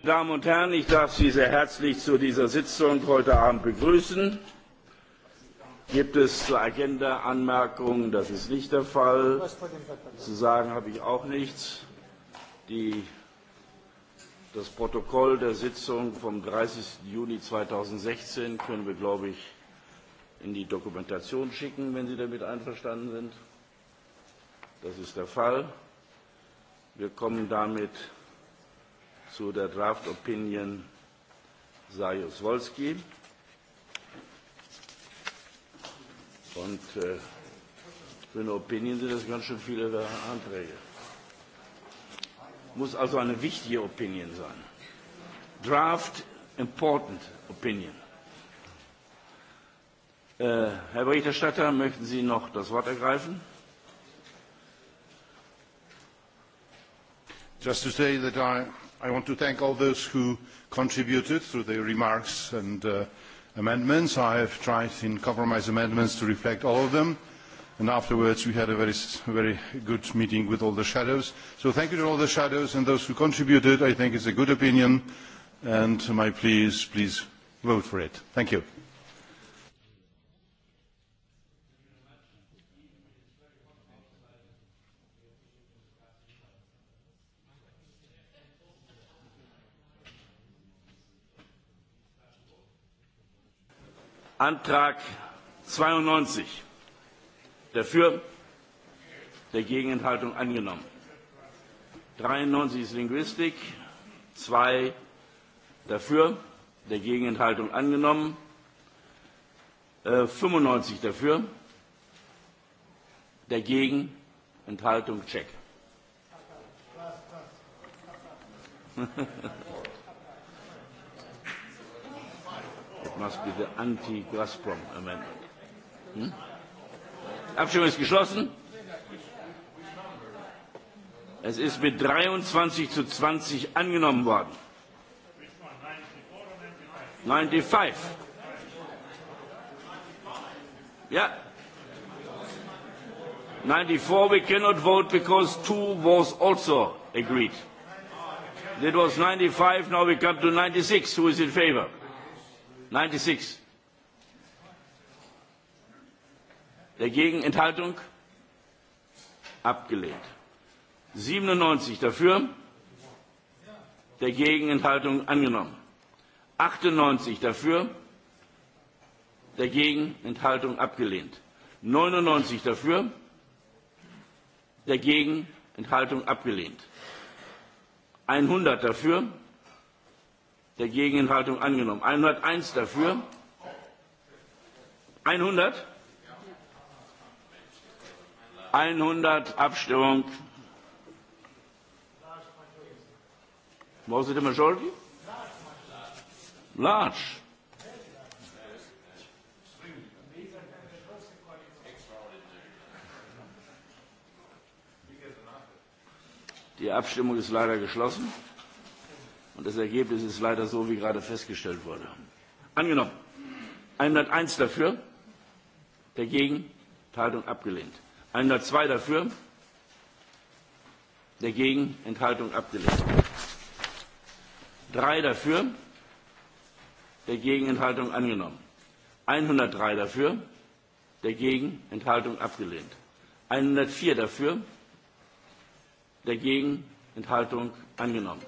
Meine Damen und Herren, ich darf Sie sehr herzlich zu dieser Sitzung heute Abend begrüßen. Gibt es zur Agenda Anmerkungen? Das ist nicht der Fall. Zu sagen habe ich auch nichts. das Protokoll der Sitzung vom 30. Juni 2016 können wir, glaube ich, in die Dokumentation schicken, wenn Sie damit einverstanden sind. Das ist der Fall. Wir kommen damit zu der Draft Opinion Sajus Wolski. Und für eine Opinion sind das ganz schön viele Anträge. Muss also eine wichtige Opinion sein. Draft Important Opinion. Herr Berichterstatter, möchten Sie noch das Wort ergreifen? Just to say that I I want to thank all those who contributed through their remarks and amendments. I have tried in compromise amendments to reflect all of them. And afterwards we had a very good meeting with all the shadows. So thank you to all the shadows and those who contributed. I think it's a good opinion. And my please, please vote for it. Thank you. Antrag 92. Dafür, der Gegenenthaltung angenommen. 93 ist Linguistik. 2 dafür, der Gegenenthaltung angenommen. 95 dafür, dagegen, Enthaltung, check. must be the anti-Gazprom amendment. Abstimmung ist geschlossen. Es ist mit 23 zu 20 angenommen worden. 95. Yeah. 94 we cannot vote because two was also agreed. It was 95, now we come to 96. Who is in favor? 96. Dagegen Enthaltung? Abgelehnt. 97 dafür? Dagegen Enthaltung angenommen. 98 dafür? Dagegen Enthaltung abgelehnt. 99 dafür? Dagegen Enthaltung abgelehnt. 100 dafür? der Gegenhaltung angenommen. 101 dafür. 100? 100 Abstimmung. Was ist die Majority? Large. Die Abstimmung ist leider geschlossen. Und das Ergebnis ist leider so, wie gerade festgestellt wurde. Angenommen. 101 dafür, dagegen, Enthaltung abgelehnt. 102 dafür, dagegen, Enthaltung abgelehnt. 3 dafür, dagegen, Enthaltung angenommen. 103 dafür, dagegen, Enthaltung abgelehnt. 104 dafür, dagegen, Enthaltung angenommen.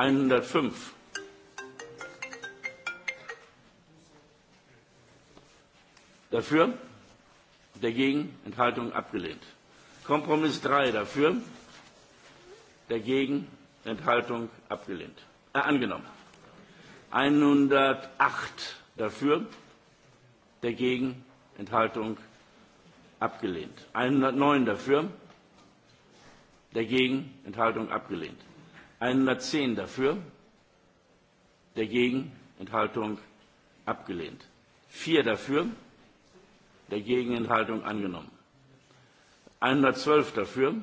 105. Dafür? Dagegen? Enthaltung abgelehnt. Kompromiss 3 dafür? Dagegen? Enthaltung abgelehnt. Äh, angenommen. 108 dafür? Dagegen? Enthaltung abgelehnt. 109 dafür? Dagegen? Enthaltung abgelehnt. 110 dafür, dagegen, Enthaltung abgelehnt. Vier dafür, dagegen, Enthaltung angenommen. 112 dafür,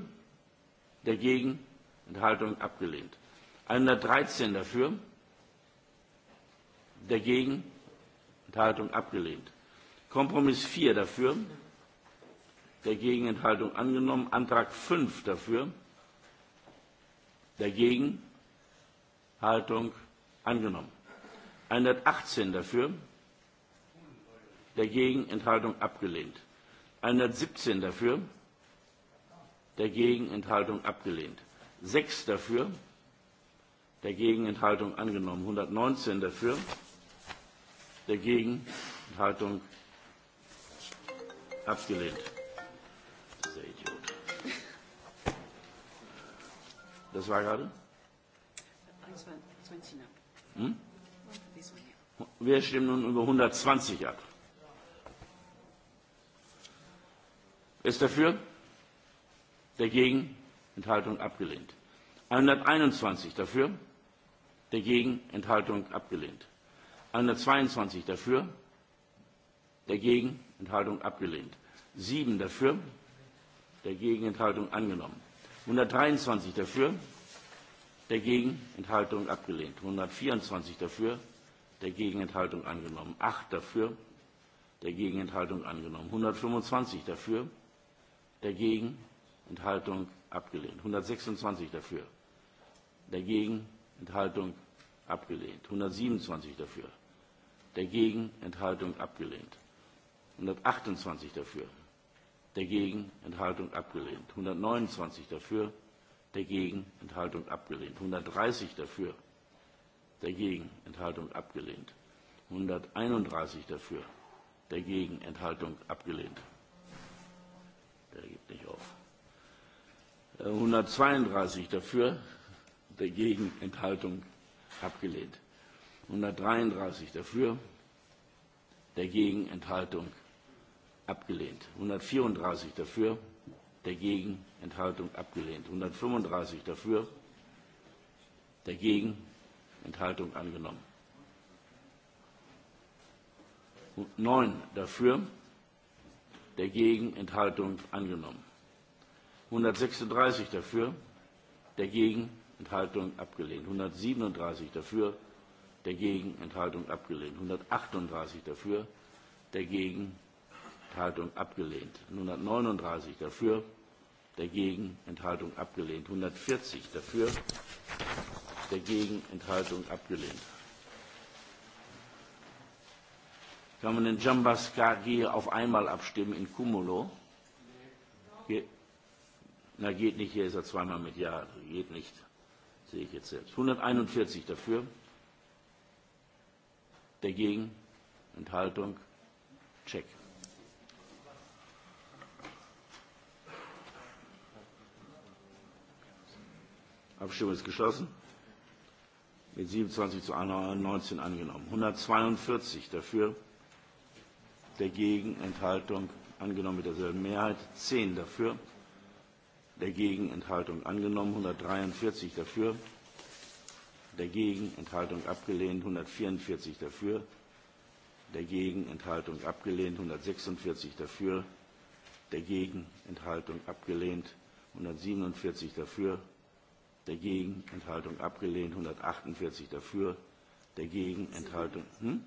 dagegen, Enthaltung abgelehnt. 113 dafür, dagegen, Enthaltung abgelehnt. Kompromiss 4 dafür, dagegen, Enthaltung angenommen. Antrag 5 dafür, Dagegen? Haltung angenommen. 118 dafür. Dagegen Enthaltung abgelehnt. 117 dafür. Dagegen Enthaltung abgelehnt. 6 dafür. Dagegen Enthaltung angenommen. 119 dafür. Dagegen Enthaltung abgelehnt. Das war gerade? Hm? Wir stimmen nun über 120 ab. Wer ist dafür? Dagegen? Enthaltung abgelehnt. 121 dafür? Dagegen? Enthaltung abgelehnt. 122 dafür? Dagegen? Enthaltung abgelehnt. 7 dafür? Dagegen? Enthaltung angenommen. 123 dafür, dagegen Enthaltung abgelehnt. 124 dafür, dagegen Enthaltung angenommen. 8 dafür, dagegen Enthaltung angenommen. 125 dafür, dagegen Enthaltung abgelehnt. 126 dafür, dagegen Enthaltung abgelehnt. 127 dafür, dagegen Enthaltung abgelehnt. 128 dafür, dagegen Enthaltung abgelehnt. 129 dafür, dagegen Enthaltung abgelehnt. 130 dafür, dagegen Enthaltung abgelehnt. 131 dafür, dagegen Enthaltung abgelehnt. Der gibt nicht auf. 132 dafür, dagegen Enthaltung abgelehnt. 133 dafür, dagegen Enthaltung abgelehnt abgelehnt. 134 dafür, dagegen, Enthaltung abgelehnt. 135 dafür, dagegen, Enthaltung angenommen. 9 dafür, dagegen, Enthaltung angenommen. 136 dafür, dagegen, Enthaltung abgelehnt. 137 dafür, dagegen, Enthaltung abgelehnt. 138 dafür, dagegen, Enthaltung abgelehnt. 139 dafür, dagegen Enthaltung abgelehnt. 140 dafür, dagegen Enthaltung abgelehnt. Kann man den Jambas KG auf einmal abstimmen in Cumulo? Na, geht nicht, hier ist er zweimal mit Ja. Geht nicht, sehe ich jetzt selbst. 141 dafür, dagegen Enthaltung, Check. Abstimmung ist geschlossen. Mit 27 zu 19 angenommen. 142 dafür, dagegen, Enthaltung angenommen mit derselben Mehrheit. 10 dafür, dagegen, Enthaltung angenommen. 143 dafür, dagegen, Enthaltung abgelehnt. 144 dafür, dagegen, Enthaltung abgelehnt. 146 dafür, dagegen, Enthaltung abgelehnt. 147 dafür, dagegen, Enthaltung abgelehnt, 148 dafür, dagegen, Enthaltung, hm?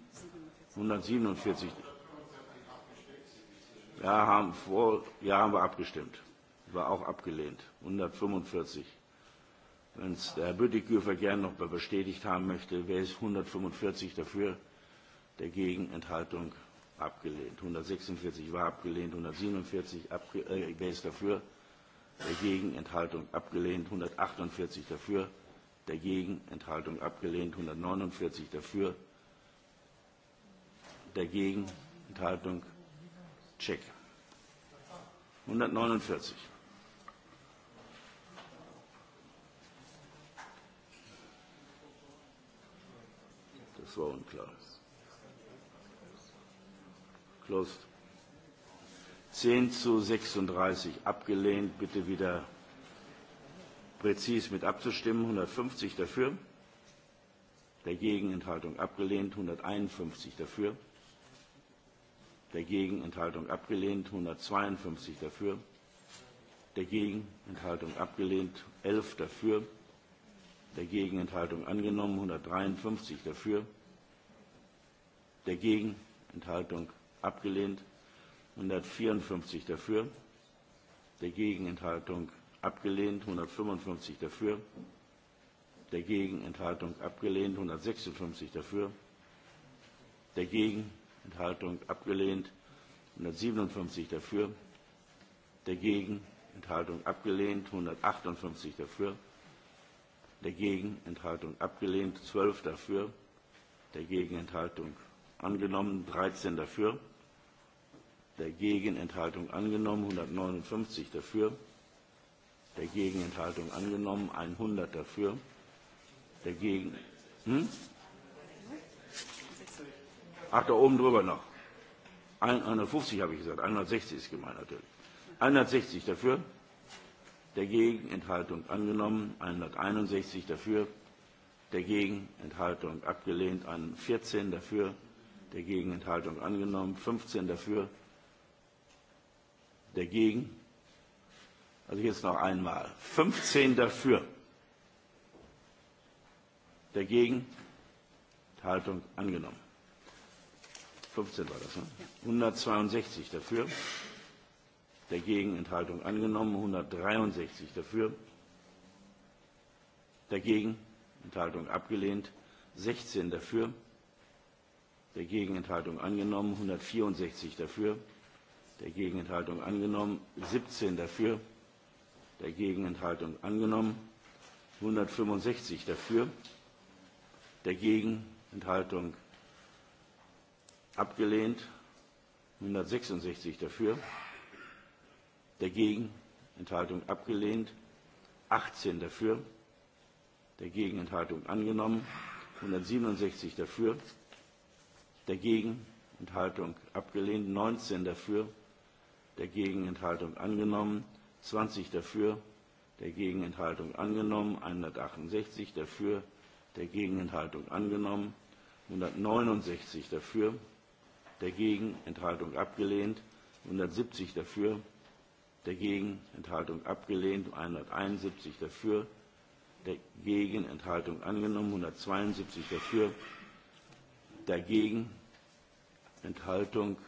147. Ja, haben vor, ja, haben wir abgestimmt. War auch abgelehnt. 145. Wenn es der Herr Büttiköfer gerne noch bestätigt haben möchte, wäre es 145 dafür, dagegen, Enthaltung abgelehnt. 146 war abgelehnt, 147 abge äh, dafür, dagegen Enthaltung abgelehnt, 148 dafür, dagegen Enthaltung abgelehnt, 149 dafür, dagegen Enthaltung check. 149. Das war unklar. Closed. 10 zu 36 abgelehnt. Bitte wieder präzis mit abzustimmen. 150 dafür. Dagegen Enthaltung abgelehnt. 151 dafür. Dagegen Enthaltung abgelehnt. 152 dafür. Dagegen Enthaltung abgelehnt. 11 dafür. Dagegen Enthaltung angenommen. 153 dafür. Dagegen Enthaltung abgelehnt. 154 dafür, der Enthaltung abgelehnt, 155 dafür, der Enthaltung abgelehnt, 156 dafür, Dagegen Enthaltung abgelehnt, 157 dafür, der Enthaltung abgelehnt, 158 dafür, der Enthaltung abgelehnt, 12 dafür, Dagegen Enthaltung angenommen, 13 dafür dagegen Enthaltung angenommen, 159 dafür, dagegen Enthaltung angenommen, 100 dafür, dagegen, hm? Ach, da oben drüber noch. 150 habe ich gesagt, 160 ist gemeint natürlich. 160 dafür, dagegen Enthaltung angenommen, 161 dafür, dagegen Enthaltung abgelehnt, 14 dafür, dagegen Enthaltung angenommen, 15 dafür, Dagegen? Also jetzt noch einmal. 15 dafür. Dagegen? Enthaltung angenommen. 15 war das, ne? 162 dafür. Dagegen Enthaltung angenommen. 163 dafür. Dagegen Enthaltung abgelehnt. 16 dafür. Dagegen Enthaltung angenommen. 164 dafür der Gegenenthaltung angenommen, 17 dafür, der Gegenenthaltung angenommen, 165 dafür, der Gegenenthaltung abgelehnt, 166 dafür, dagegen Enthaltung abgelehnt, 18 dafür, der gegenenthaltung angenommen, 167 dafür, dagegen Enthaltung abgelehnt, 19 dafür, dagegen Enthaltung angenommen, 20 dafür, dagegen Enthaltung angenommen, 168 dafür, dagegen Enthaltung angenommen, 169 dafür, dagegen Enthaltung abgelehnt, 170 dafür, dagegen Enthaltung abgelehnt, 171 dafür, dagegen Enthaltung angenommen, 172 dafür, dagegen Enthaltung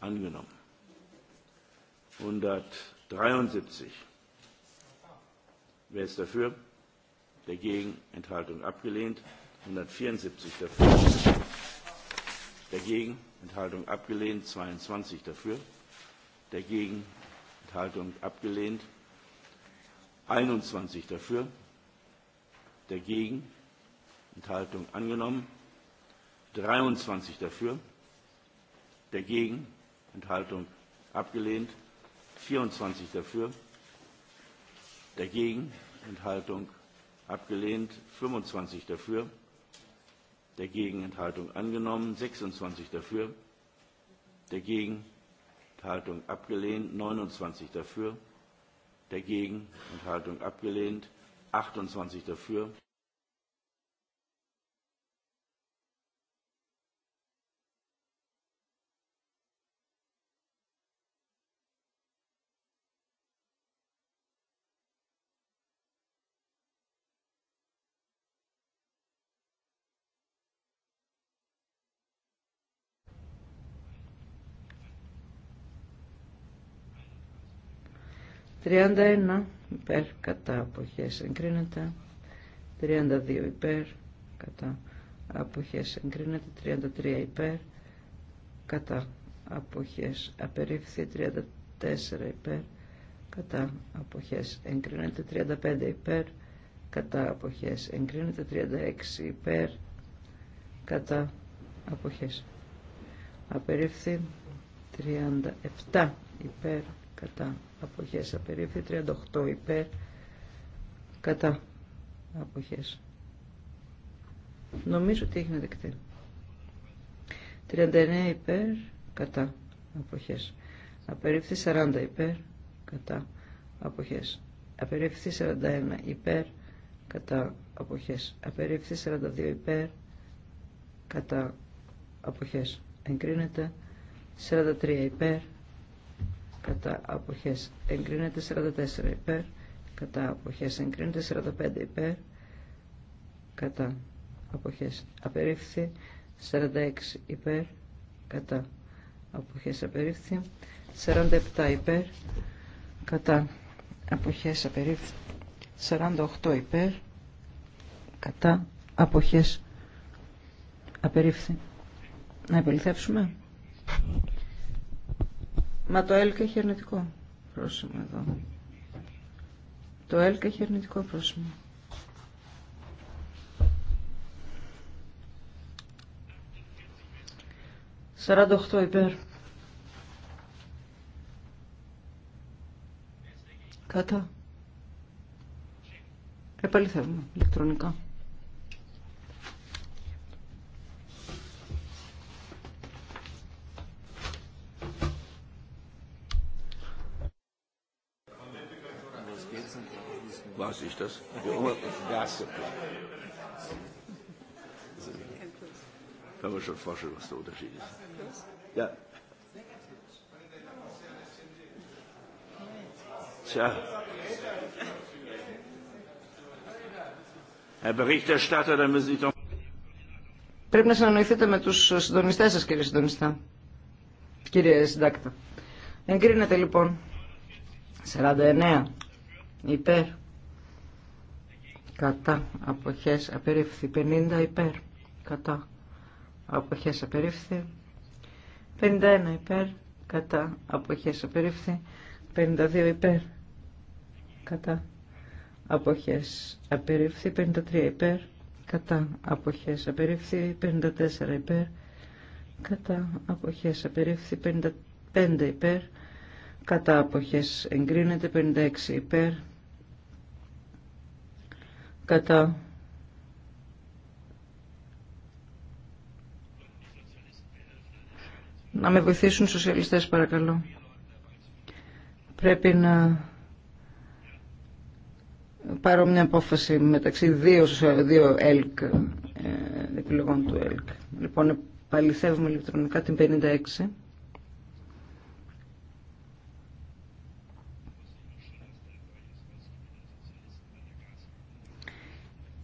angenommen. 173. Wer ist dafür? Dagegen. Enthaltung abgelehnt. 174 dafür. Dagegen. Enthaltung abgelehnt. 22 dafür. Dagegen. Enthaltung abgelehnt. 21 dafür. Dagegen. Enthaltung angenommen. 23 dafür. Dagegen. Enthaltung abgelehnt. 24 dafür, dagegen, Enthaltung abgelehnt, 25 dafür, dagegen, Enthaltung angenommen, 26 dafür, dagegen, Enthaltung abgelehnt, 29 dafür, dagegen, Enthaltung abgelehnt, 28 dafür, 31 υπέρ κατά αποχές εγκρίνεται 32 υπέρ κατά αποχές εγκρίνεται 33 υπέρ κατά αποχές απερίφθη 34 υπέρ κατά αποχές εγκρίνεται 35 υπέρ κατά αποχές εγκρίνεται 36 υπέρ κατά αποχές απερίφθη 37 υπέρ κατά αποχές απερίφθη 38 υπέρ κατά αποχές νομίζω ότι έχει να δεκτεί 39 υπέρ κατά αποχές απερίφθη 40 υπέρ κατά αποχές απερίφθη 41 υπέρ κατά αποχές απερίφθη 42 υπέρ κατά αποχές εγκρίνεται 43 υπέρ κατά αποχές εγκρίνεται 44 υπέρ κατά αποχές εγκρίνεται 45 υπέρ κατά αποχές απερίφθη 46 υπέρ κατά αποχές απερίφθη 47 υπέρ κατά αποχές απερίφθη 48 υπέρ κατά αποχές απερίφθη να επελθεύσουμε Μα το ΕΛΚ έχει αρνητικό πρόσημο εδώ. Το ΕΛΚ έχει αρνητικό πρόσημο. Σαράντα οχτώ υπέρ. Κατά. Επαληθεύουμε ηλεκτρονικά. weiß ich das. Der Obergasplan. Da kann man schon vorstellen, was der Unterschied ist. Ja. Tja. Herr Berichterstatter, dann müssen Sie doch... Πρέπει να συνεννοηθείτε με τους συντονιστές σας, κύριε συντονιστά. Κύριε συντάκτα. Εγκρίνεται λοιπόν. 49. Υπέρ κατά αποχές απερίφθη 50 υπέρ κατά αποχές απερίφθη 51 υπέρ κατά αποχές απερίφθη 52 υπέρ κατά αποχές απερίφθη 53 υπέρ κατά αποχές απερίφθη 54 υπέρ κατά αποχές απερίφθη 55 υπέρ κατά αποχές εγκρίνεται 56 υπέρ κατά να με βοηθήσουν οι σοσιαλιστές παρακαλώ πρέπει να πάρω μια απόφαση μεταξύ δύο, δύο ΕΛΚ ε, επιλογών του ΕΛΚ λοιπόν παληθεύουμε ηλεκτρονικά την 56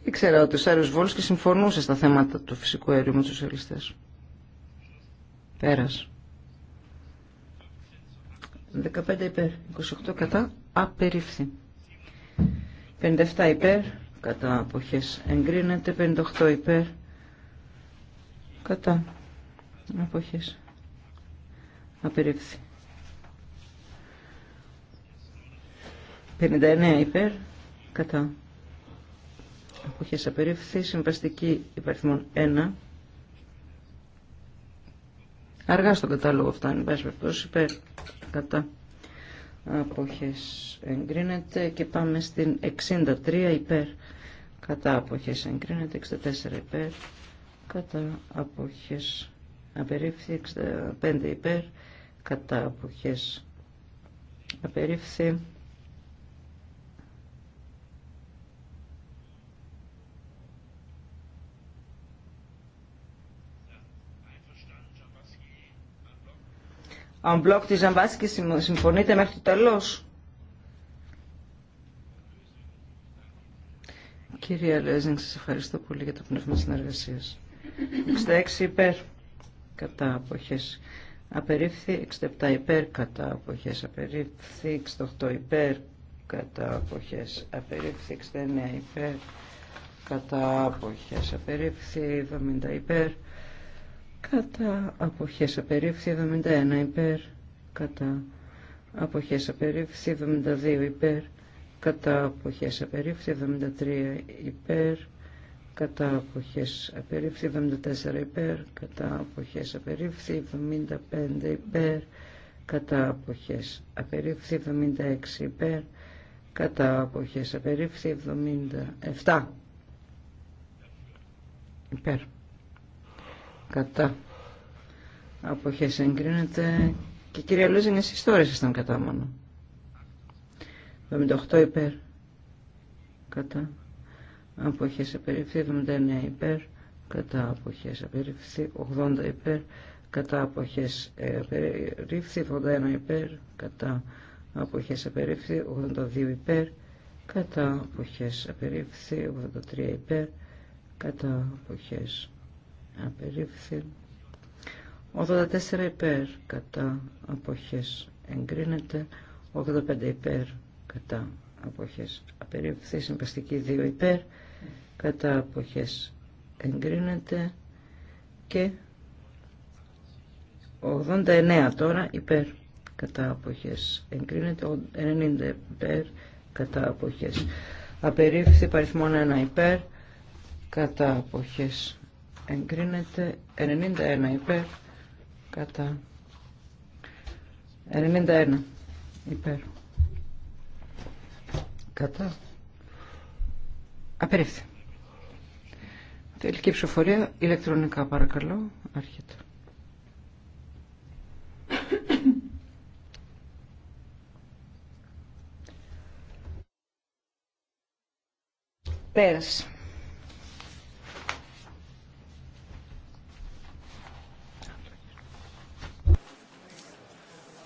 Ήξερα ότι ο Σάριος Βόλος και συμφωνούσε στα θέματα του φυσικού αερίου με τους σοσιαλιστές. Πέρας. 15 υπέρ, 28 κατά, απερίφθη. 57 υπέρ, κατά αποχές εγκρίνεται, 58 υπέρ, κατά αποχές απερίφθη. 59 υπέρ, κατά σε απερίφθη. Συμβαστική υπαριθμών 1. Αργά στον κατάλογο φτάνει, πάση περιπτώσει, υπέρ, κατά, αποχές εγκρίνεται και πάμε στην 63 υπέρ, κατά, αποχές εγκρίνεται, 64 υπέρ, κατά, αποχές απερίφθη, 65 υπέρ, κατά, αποχές απερίφθη, αν μπλοκ της Ζαμβάσκη συμφωνείτε μέχρι το τέλος. Κυρία Λέζινγκ, σα ευχαριστώ πολύ για το πνεύμα συνεργασίας. 66 υπέρ κατά αποχές απερίφθη, 67 υπέρ κατά αποχές απερίφθη, 68 υπέρ κατά αποχέ. απερίφθη, 69 υπέρ κατά απόχε. απερίφθη, 70 υπέρ κατά αποχές απερίφθη 71 υπέρ κατά αποχές απερίφθη 72 υπέρ κατά αποχές απερίφθη 73 υπέρ κατά αποχές απερίφθη 74 υπέρ κατά αποχές απερίφθη 75 υπέρ κατά αποχές απερίφθη 76 υπέρ κατά αποχές απερίφθη 77 υπέρ κατά αποχές εγκρίνεται και κυρία Λούζιν εσείς τώρα ήσασταν κατά μόνο 78 υπέρ κατά αποχές απεριφθεί 79 υπέρ κατά αποχές απεριφθεί 80 ε, υπέρ κατά αποχές απεριφθεί 81 υπέρ κατά αποχές απεριφθεί 82 υπέρ κατά αποχές απεριφθεί 83 υπέρ κατά αποχές απερίφθη 84 υπέρ κατά αποχές εγκρίνεται 85 υπέρ κατά αποχές απερίφθη συμβαστική 2 υπέρ κατά αποχές εγκρίνεται και 89 τώρα υπέρ κατά αποχές εγκρίνεται 90 υπέρ κατά αποχές απερίφθη παριθμόν 1 υπέρ κατά αποχές εγκρίνεται 91 υπέρ κατά 91 υπέρ κατά απερίφθη τελική ψηφοφορία ηλεκτρονικά παρακαλώ αρχίτε πέρασε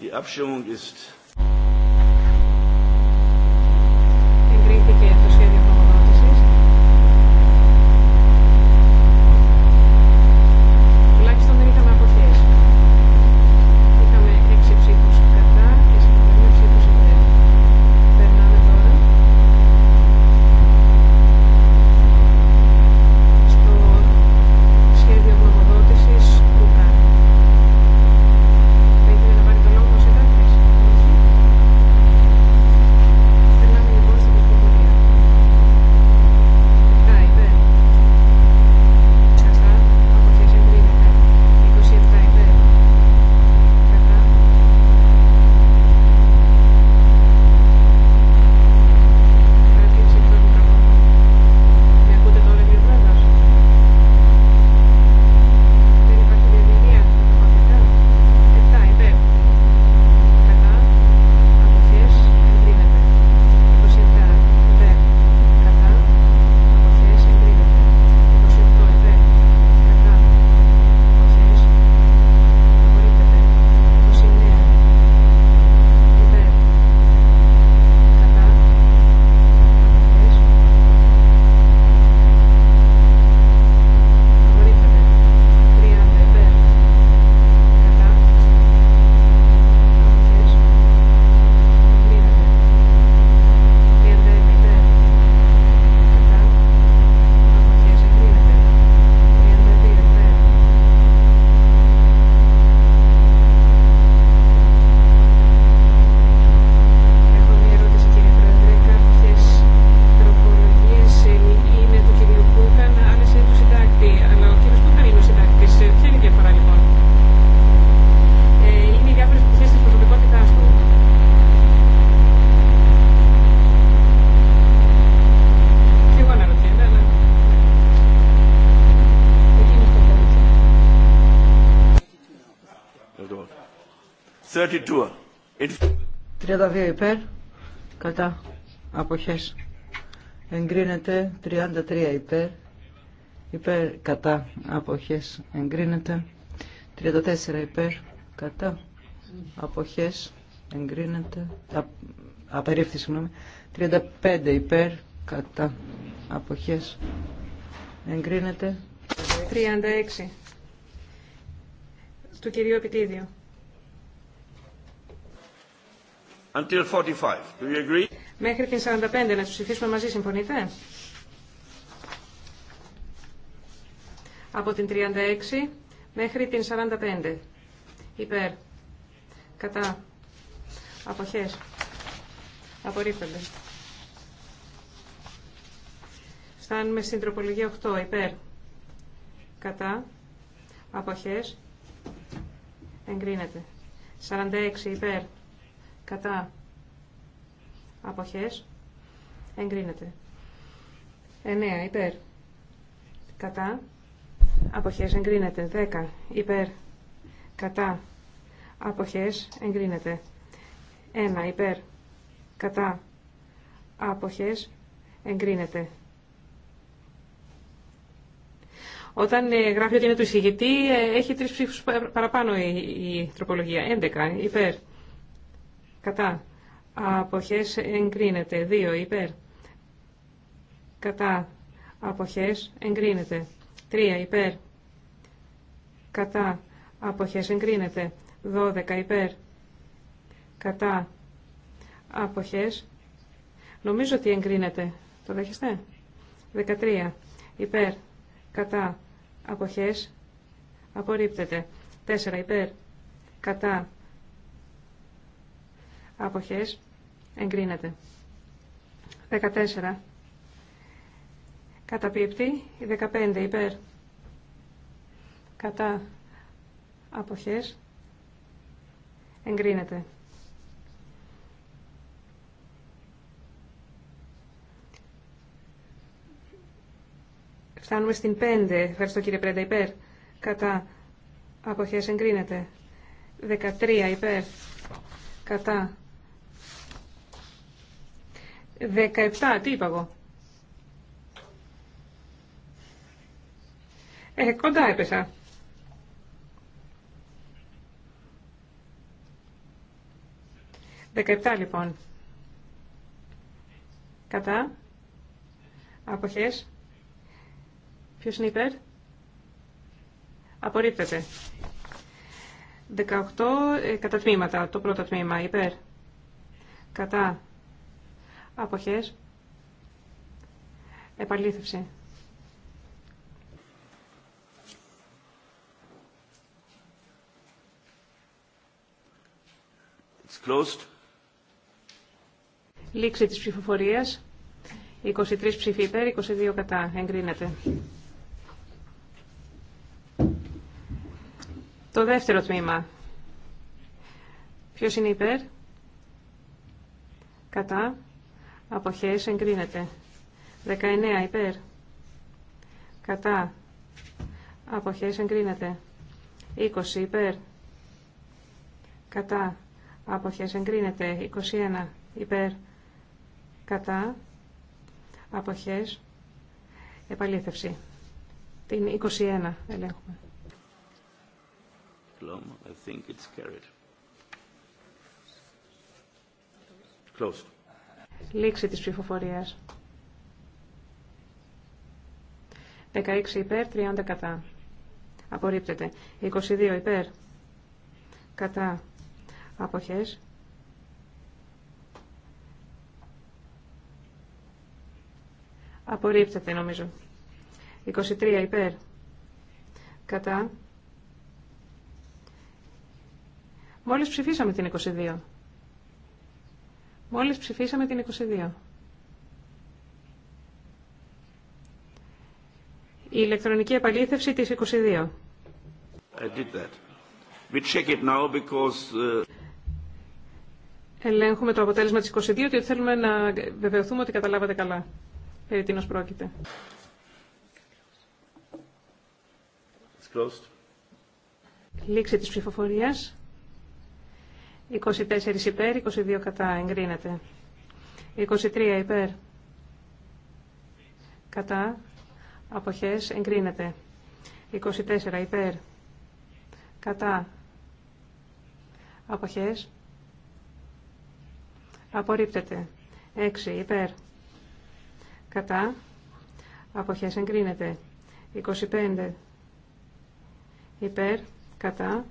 Die Abstimmung ist 32 υπέρ, κατά αποχές εγκρίνεται 33 υπέρ, κατά αποχές εγκρίνεται 34 υπέρ, κατά αποχές εγκρίνεται α, συγγνώμη 35 υπέρ, κατά αποχές εγκρίνεται 36 Στο κυρίου Επιτίδιο Until 45. Do you agree? Μέχρι την 45 να του ψηφίσουμε μαζί, συμφωνείτε? Από την 36 μέχρι την 45. Υπέρ. Κατά. Αποχές. Απορρίπτονται. Φτάνουμε στην τροπολογία 8. Υπέρ. Κατά. Αποχές. Εγκρίνεται. 46. Υπέρ κατά αποχές εγκρίνεται. 9 υπέρ κατά αποχές εγκρίνεται. 10 υπέρ κατά αποχές εγκρίνεται. 1 υπέρ κατά αποχές εγκρίνεται. Όταν ε, γράφει ότι είναι του εισηγητή, ε, έχει τρεις ψήφους παραπάνω η, η τροπολογία. 11 υπέρ Κατά. Αποχές εγκρίνεται. 2 υπέρ. Κατά. Αποχές εγκρίνεται. 3 υπέρ. Κατά. Αποχές εγκρίνεται. 12 υπέρ. Κατά. Αποχές. Νομίζω ότι εγκρίνεται. Το δέχεστε. 13. Υπέρ. Κατά. Αποχές. Απορρίπτεται. 4. Υπέρ. Κατά αποχές εγκρίνεται. 14. Καταπίπτει. 15 υπέρ κατά αποχές εγκρίνεται. Φτάνουμε στην 5. Ευχαριστώ κύριε Πρέντα υπέρ. Κατά αποχές εγκρίνεται. 13 υπέρ. Κατά 17, τι είπα εγώ. Ε, κοντά έπεσα. Δεκαεπτά λοιπόν. Κατά. Αποχές. Ποιος είναι υπέρ. Απορρίπτεται. 18 ε, κατά τμήματα. Το πρώτο τμήμα. Υπέρ. Κατά. Αποχές. Επαλήθευση. It's closed. Λήξη της ψηφοφορίας. 23 ψήφοι υπέρ, 22 κατά. Εγκρίνεται. Το δεύτερο τμήμα. Ποιος είναι υπέρ. Κατά. Αποχές εγκρίνεται. 19 υπέρ. Κατά. Αποχές εγκρίνεται. 20 υπέρ. Κατά. Αποχές εγκρίνεται. 21 υπέρ. Κατά. Αποχές. Επαλήθευση. Την 21 ελέγχουμε. I Λήξη της ψηφοφορίας. 16 υπέρ, 30 κατά. Απορρίπτεται. 22 υπέρ. Κατά. Αποχές. Απορρίπτεται νομίζω. 23 υπέρ. Κατά. Μόλις ψηφίσαμε την 22. Μόλις ψηφίσαμε την 22. Η ηλεκτρονική επαλήθευση της 22. Uh, Ελέγχουμε το αποτέλεσμα της 22, διότι θέλουμε να βεβαιωθούμε ότι καταλάβατε καλά. Περί τίνος πρόκειται. It's Λήξη της ψηφοφορίας. 24 υπέρ, 22 κατά. Εγκρίνεται. 23 υπέρ. Κατά. Αποχές. Εγκρίνεται. 24 υπέρ. Κατά. Αποχές. Απορρίπτεται. 6 υπέρ. Κατά. Αποχές εγκρίνεται. 25 υπέρ. Κατά.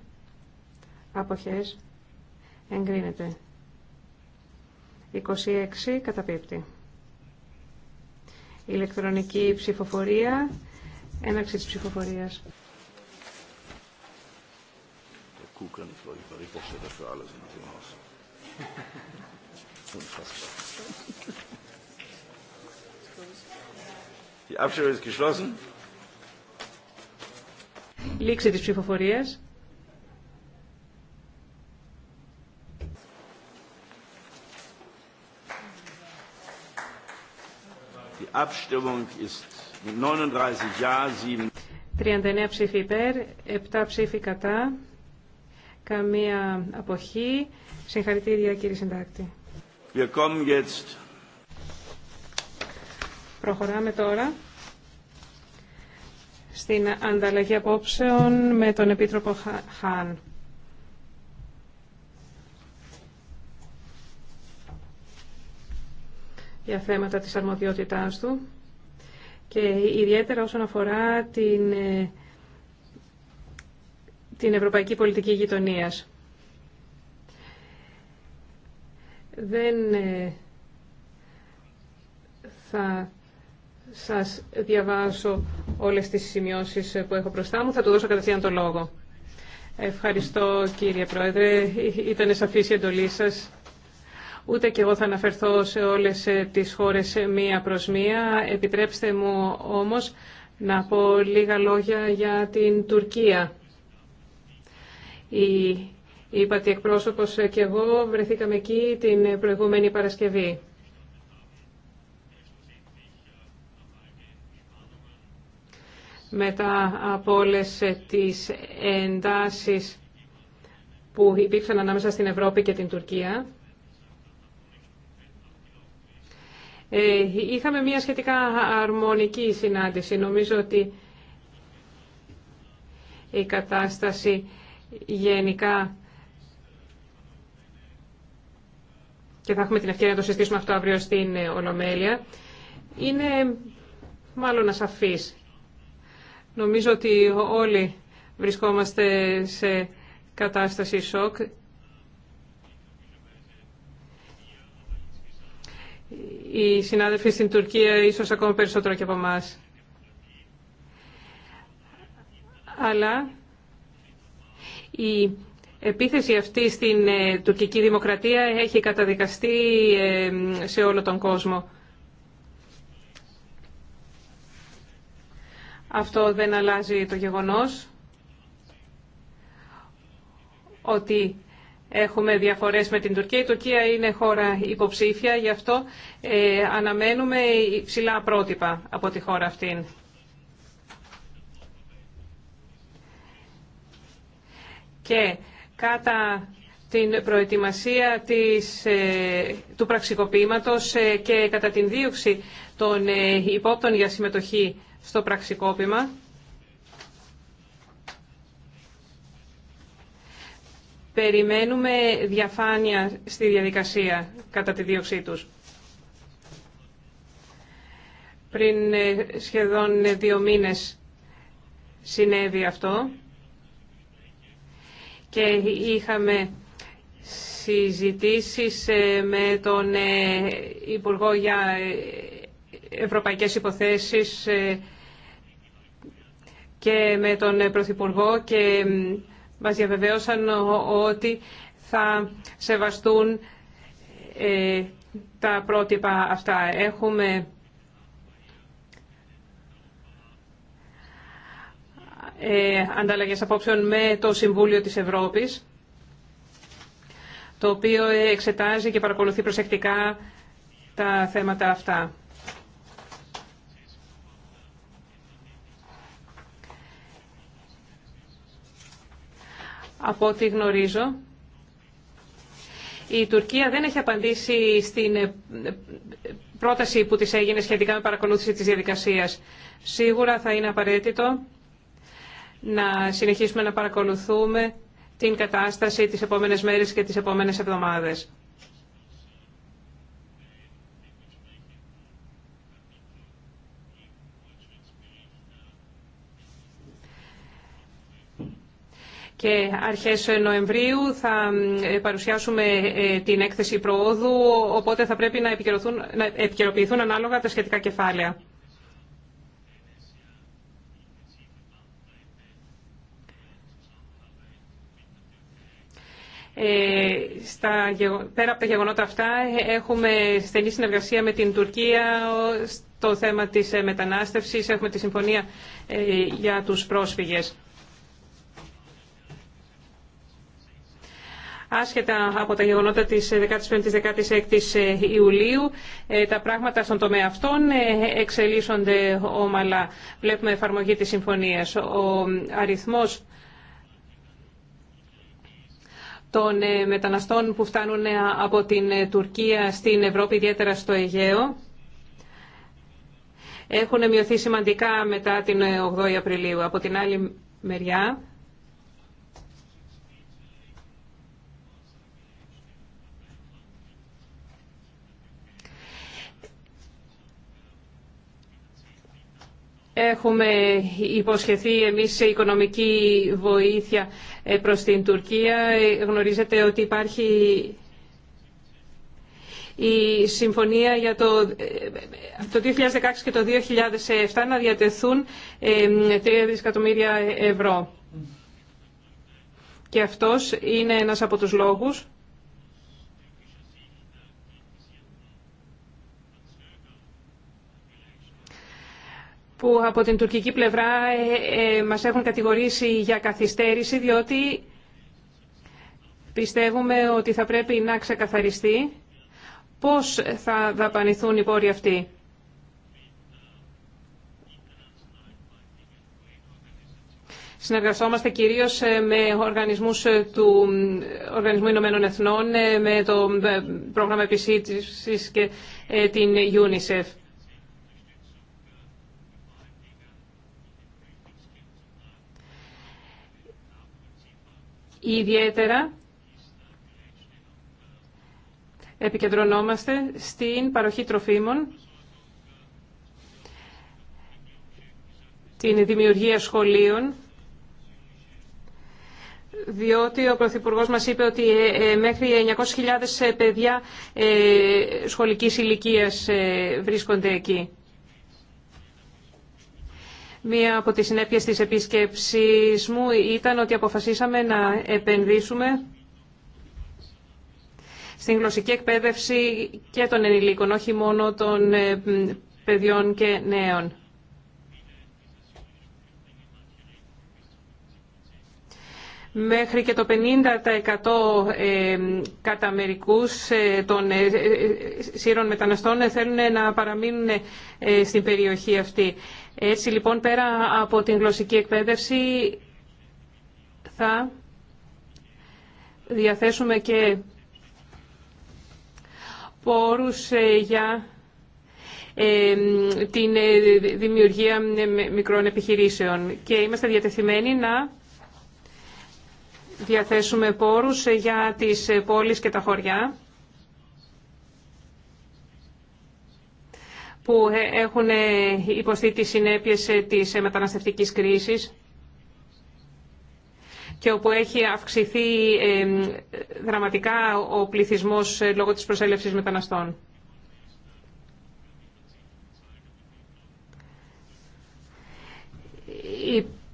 Αποχές Εγκρίνεται. 26 καταπίπτει. Ηλεκτρονική ψηφοφορία. Έναρξη της ψηφοφορίας. Die Abstimmung ist geschlossen. Λήξη της ψηφοφορίας. 39 39 ψήφοι υπέρ, 7 ψήφοι κατά, καμία αποχή. Συγχαρητήρια κύριε συντάκτη. Wir kommen jetzt. Προχωράμε τώρα στην ανταλλαγή απόψεων με τον Επίτροπο Χάν. για θέματα της αρμοδιότητάς του και ιδιαίτερα όσον αφορά την, ε, την ευρωπαϊκή πολιτική γειτονίας. Δεν ε, θα σας διαβάσω όλες τις σημειώσεις που έχω μπροστά μου. Θα του δώσω κατευθείαν το λόγο. Ευχαριστώ κύριε Πρόεδρε. Ήταν σαφής η εντολή σας. Ούτε και εγώ θα αναφερθώ σε όλες ε, τις χώρες ε, μία προς μία. Επιτρέψτε μου όμως να πω λίγα λόγια για την Τουρκία. Η είπατε εκπρόσωπος ε, και εγώ βρεθήκαμε εκεί την προηγούμενη Παρασκευή. Μετά από όλες τις εντάσεις που υπήρξαν ανάμεσα στην Ευρώπη και την Τουρκία, Ε, είχαμε μια σχετικά αρμονική συνάντηση. Νομίζω ότι η κατάσταση γενικά και θα έχουμε την ευκαιρία να το συστήσουμε αυτό αύριο στην Ολομέλεια, είναι μάλλον ασαφής. Νομίζω ότι όλοι βρισκόμαστε σε κατάσταση σοκ οι συνάδελφοι στην Τουρκία ίσως ακόμα περισσότερο και από εμά. Αλλά η επίθεση αυτή στην ε, τουρκική δημοκρατία έχει καταδικαστεί ε, σε όλο τον κόσμο. Αυτό δεν αλλάζει το γεγονός ότι Έχουμε διαφορές με την Τουρκία. Η Τουρκία είναι χώρα υποψήφια, γι' αυτό ε, αναμένουμε υψηλά πρότυπα από τη χώρα αυτήν. Και κατά την προετοιμασία της, ε, του πραξικοπήματος ε, και κατά την δίωξη των υπόπτων για συμμετοχή στο πραξικόπημα, Περιμένουμε διαφάνεια στη διαδικασία κατά τη δίωξή τους. Πριν ε, σχεδόν ε, δύο μήνες συνέβη αυτό και είχαμε συζητήσεις ε, με τον Υπουργό για Ευρωπαϊκές Υποθέσεις και με τον Πρωθυπουργό και μας διαβεβαίωσαν ότι θα σεβαστούν ε, τα πρότυπα αυτά. Έχουμε ε, ανταλλαγές απόψεων με το Συμβούλιο της Ευρώπης, το οποίο εξετάζει και παρακολουθεί προσεκτικά τα θέματα αυτά. Από ό,τι γνωρίζω, η Τουρκία δεν έχει απαντήσει στην ε, πρόταση που της έγινε σχετικά με παρακολούθηση της διαδικασίας. Σίγουρα θα είναι απαραίτητο να συνεχίσουμε να παρακολουθούμε την κατάσταση τις επόμενες μέρες και τις επόμενες εβδομάδες. και αρχές Νοεμβρίου θα ε, παρουσιάσουμε ε, την έκθεση προόδου, οπότε θα πρέπει να, να επικαιροποιηθούν ανάλογα τα σχετικά κεφάλαια. Ε, στα, πέρα από τα γεγονότα αυτά έχουμε στενή συνεργασία με την Τουρκία στο θέμα της μετανάστευσης, έχουμε τη συμφωνία για τους πρόσφυγες. Άσχετα από τα γεγονότα της 15ης-16ης ε, Ιουλίου, ε, τα πράγματα στον τομέα αυτών ε, εξελίσσονται ομαλά. Βλέπουμε εφαρμογή της συμφωνίας. Ο αριθμός των μεταναστών που φτάνουν από την Τουρκία στην Ευρώπη, ιδιαίτερα στο Αιγαίο, έχουν μειωθεί σημαντικά μετά την 8η Απριλίου. Από την άλλη μεριά, Έχουμε υποσχεθεί εμείς σε οικονομική βοήθεια ε, προς την Τουρκία. Ε, γνωρίζετε ότι υπάρχει η συμφωνία για το, ε, το 2016 και το 2007 να διατεθούν 3 δισεκατομμύρια ευρώ. Και αυτός είναι ένας από τους λόγους που από την τουρκική πλευρά ε, ε, μας έχουν κατηγορήσει για καθυστέρηση διότι πιστεύουμε ότι θα πρέπει να ξεκαθαριστεί πώς θα δαπανηθούν οι πόροι αυτοί. Συνεργαζόμαστε κυρίως ε, με οργανισμούς του Οργανισμού Ηνωμένων Εθνών, με το πρόγραμμα επισήτησης και την UNICEF. Ιδιαίτερα επικεντρωνόμαστε στην παροχή τροφίμων, την δημιουργία σχολείων, διότι ο Πρωθυπουργός μας είπε ότι ε, ε, μέχρι 900.000 ε, παιδιά σχολικής ηλικίας βρίσκονται εκεί. Μία από τις συνέπειες της επίσκεψής μου ήταν ότι αποφασίσαμε να επενδύσουμε στην γλωσσική εκπαίδευση και των ενηλίκων, όχι μόνο των ε, παιδιών και νέων. Μέχρι και το 50% ε, κατά μερικού ε, των σύρων μεταναστών θέλουν να παραμείνουν στην περιοχή αυτή. Έτσι λοιπόν πέρα από την γλωσσική εκπαίδευση θα διαθέσουμε και πόρους ε, για ε, την ε, δημιουργία μικρών επιχειρήσεων και είμαστε διατεθειμένοι να διαθέσουμε πόρους για τις πόλεις και τα χωριά που έχουν υποστεί τις συνέπειες της μεταναστευτικής κρίσης και όπου έχει αυξηθεί δραματικά ο πληθυσμός λόγω της προσέλευσης μεταναστών.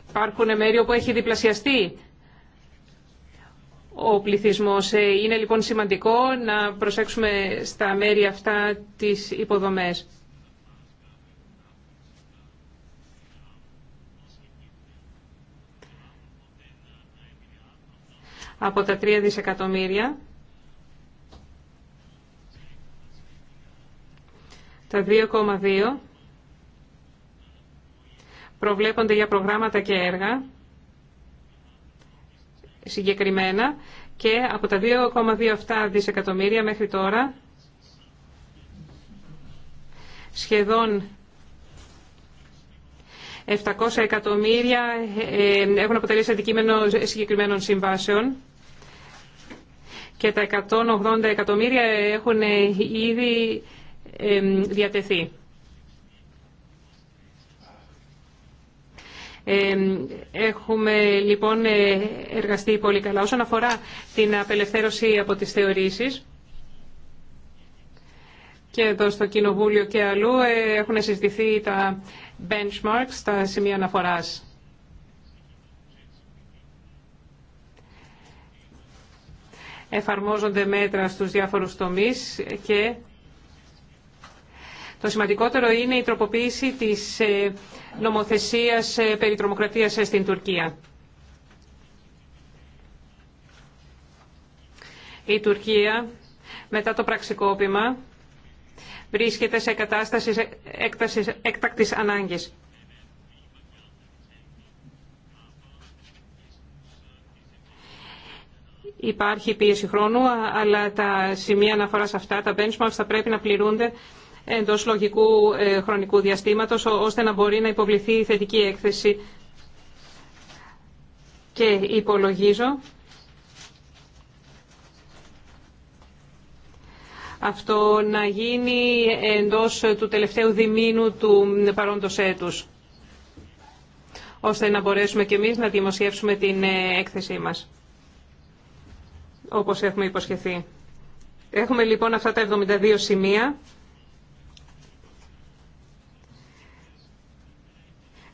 Υπάρχουν μέρη όπου έχει διπλασιαστεί ο πληθυσμός. Ε, είναι λοιπόν σημαντικό να προσέξουμε στα μέρη αυτά τις υποδομές. από τα 3 δισεκατομμύρια. Τα 2,2 προβλέπονται για προγράμματα και έργα συγκεκριμένα και από τα 2,27 δισεκατομμύρια μέχρι τώρα σχεδόν 700 εκατομμύρια ε, ε, έχουν αποτελέσει αντικείμενο συγκεκριμένων συμβάσεων και τα 180 εκατομμύρια έχουν ήδη διατεθεί. Έχουμε λοιπόν ε, εργαστεί πολύ καλά. Όσον αφορά την απελευθέρωση από τις θεωρήσεις, και εδώ στο Κοινοβούλιο και αλλού ε, έχουν συζητηθεί τα benchmarks, τα σημεία αναφοράς. εφαρμόζονται μέτρα στους διάφορους τομείς και το σημαντικότερο είναι η τροποποίηση της ε, νομοθεσίας ε, περί τρομοκρατίας ε, στην Τουρκία. Η Τουρκία μετά το πραξικόπημα βρίσκεται σε κατάσταση έκτακτης ανάγκης. υπάρχει πίεση χρόνου, αλλά τα σημεία σε αυτά, τα benchmarks, θα πρέπει να πληρούνται εντός λογικού ε, χρονικού διαστήματος, ώστε να μπορεί να υποβληθεί η θετική έκθεση. Και υπολογίζω αυτό να γίνει εντός του τελευταίου διμήνου του παρόντος έτους ώστε να μπορέσουμε και εμείς να δημοσιεύσουμε την ε, έκθεσή μας όπως έχουμε υποσχεθεί. Έχουμε λοιπόν αυτά τα 72 σημεία.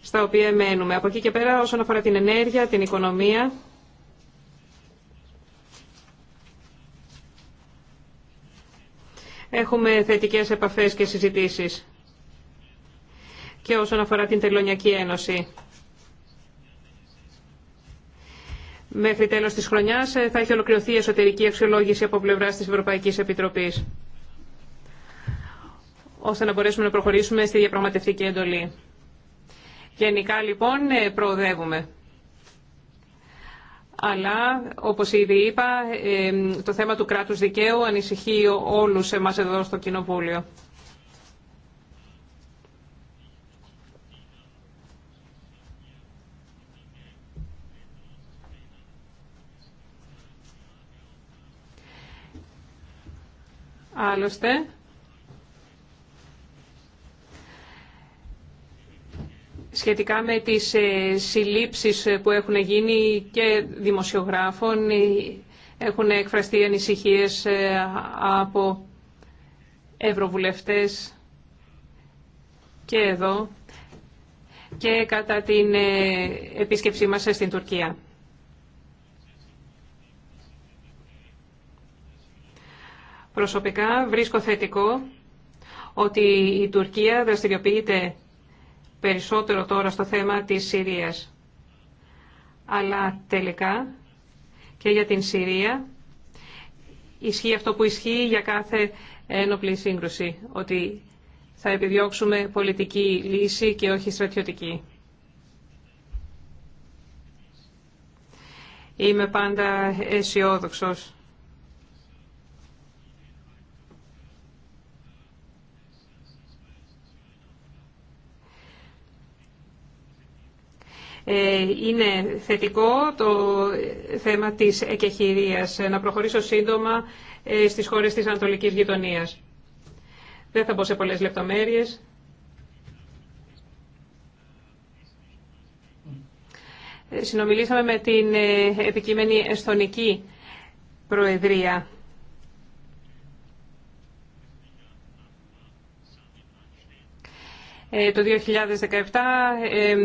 στα οποία μένουμε. Από εκεί και πέρα όσον αφορά την ενέργεια, την οικονομία, έχουμε θετικές επαφές και συζητήσεις. Και όσον αφορά την Τελωνιακή Ένωση. Μέχρι τέλος της χρονιάς ε, θα έχει ολοκληρωθεί η εσωτερική αξιολόγηση από πλευράς της Ευρωπαϊκής Επιτροπής ώστε να μπορέσουμε να προχωρήσουμε στη διαπραγματευτική εντολή. Γενικά λοιπόν ε, προοδεύουμε. Αλλά, όπως ήδη είπα, ε, το θέμα του κράτους δικαίου ανησυχεί όλους εμάς εδώ στο Κοινοβούλιο. Άλλωστε, σχετικά με τις ε, συλλήψεις που έχουν γίνει και δημοσιογράφων, ε, έχουν εκφραστεί ανησυχίες ε, από ευρωβουλευτές και εδώ και κατά την επίσκεψή μας στην Τουρκία. Προσωπικά βρίσκω θετικό ότι η Τουρκία δραστηριοποιείται περισσότερο τώρα στο θέμα της Συρίας. Αλλά τελικά και για την Συρία ισχύει αυτό που ισχύει για κάθε ένοπλη σύγκρουση, ότι θα επιδιώξουμε πολιτική λύση και όχι στρατιωτική. Είμαι πάντα αισιόδοξο Ε, είναι θετικό το θέμα της εκεχηρίας. Να προχωρήσω σύντομα ε, στις χώρες της Ανατολικής Γειτονίας. Δεν θα μπω σε πολλές λεπτομέρειες. Ε, συνομιλήσαμε με την επικείμενη Εσθονική Προεδρία Ε, το 2017 ε,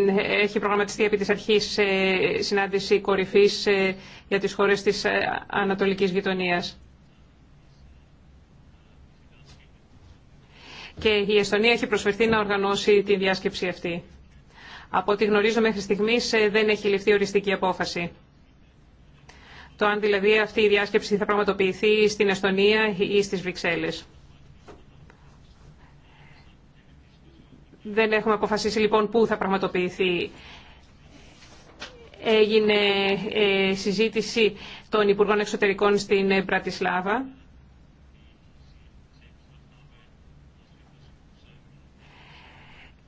έχει προγραμματιστεί επί της αρχής ε, συνάντηση κορυφής για τις χώρες της Ανατολικής Γειτονίας. Και η Εστονία έχει προσφερθεί να οργανώσει τη διάσκεψη αυτή. Από ό,τι γνωρίζω μέχρι στιγμής δεν έχει ληφθεί οριστική απόφαση. Το αν δηλαδή αυτή η διάσκεψη θα πραγματοποιηθεί στην Εστονία ή στις Βρυξέλλες. Δεν έχουμε αποφασίσει λοιπόν πού θα πραγματοποιηθεί. Έγινε ε, συζήτηση των Υπουργών Εξωτερικών στην Πρατισλάβα.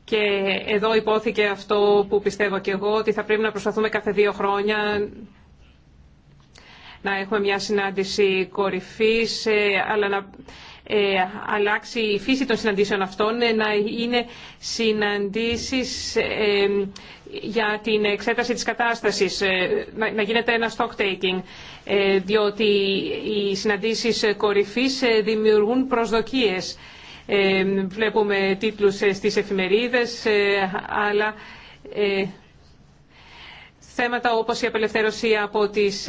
Και εδώ υπόθηκε αυτό που πιστεύω και εγώ, ότι θα πρέπει να προσπαθούμε κάθε δύο χρόνια να έχουμε μια συνάντηση κορυφής, ε, αλλά να ε, αλλάξει η φύση των συναντήσεων αυτών, ε, να είναι συναντήσεις ε, για την εξέταση της κατάστασης, να γίνεται ένα stock-taking, διότι οι συναντήσεις κορυφής δημιουργούν προσδοκίες. Βλέπουμε τίτλους στις εφημερίδες, αλλά θέματα όπως η απελευθέρωση από τις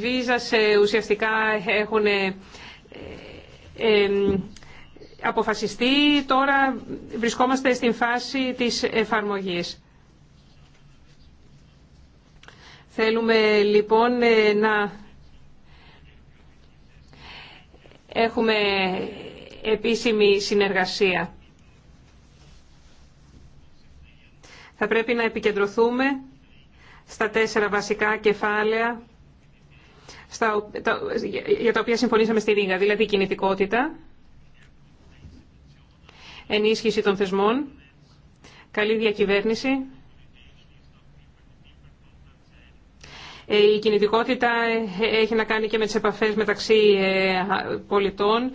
βίζας ουσιαστικά έχουν αποφασιστεί. Τώρα βρισκόμαστε στην φάση της εφαρμογής. Θέλουμε λοιπόν ε, να έχουμε επίσημη συνεργασία. Θα πρέπει να επικεντρωθούμε στα τέσσερα βασικά κεφάλαια στα, για τα οποία συμφωνήσαμε στη Ρήγα, δηλαδή κινητικότητα, ενίσχυση των θεσμών, καλή διακυβέρνηση, ε, Η κινητικότητα ε, έχει να κάνει και με τις επαφές μεταξύ ε, πολιτών,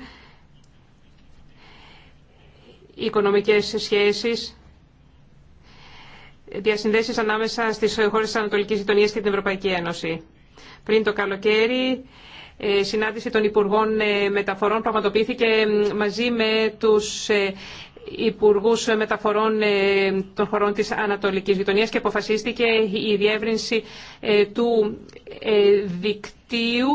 οικονομικές σχέσεις, διασυνδέσεις ανάμεσα στις χώρες της Ανατολικής Ιτωνίας και την Ευρωπαϊκή Ένωση. Πριν το καλοκαίρι, ε, συνάντηση των Υπουργών ε, Μεταφορών πραγματοποιήθηκε ε, μαζί με τους Υπουργού Μεταφορών των χωρών της Ανατολικής Γειτονίας και αποφασίστηκε η διεύρυνση του δικτύου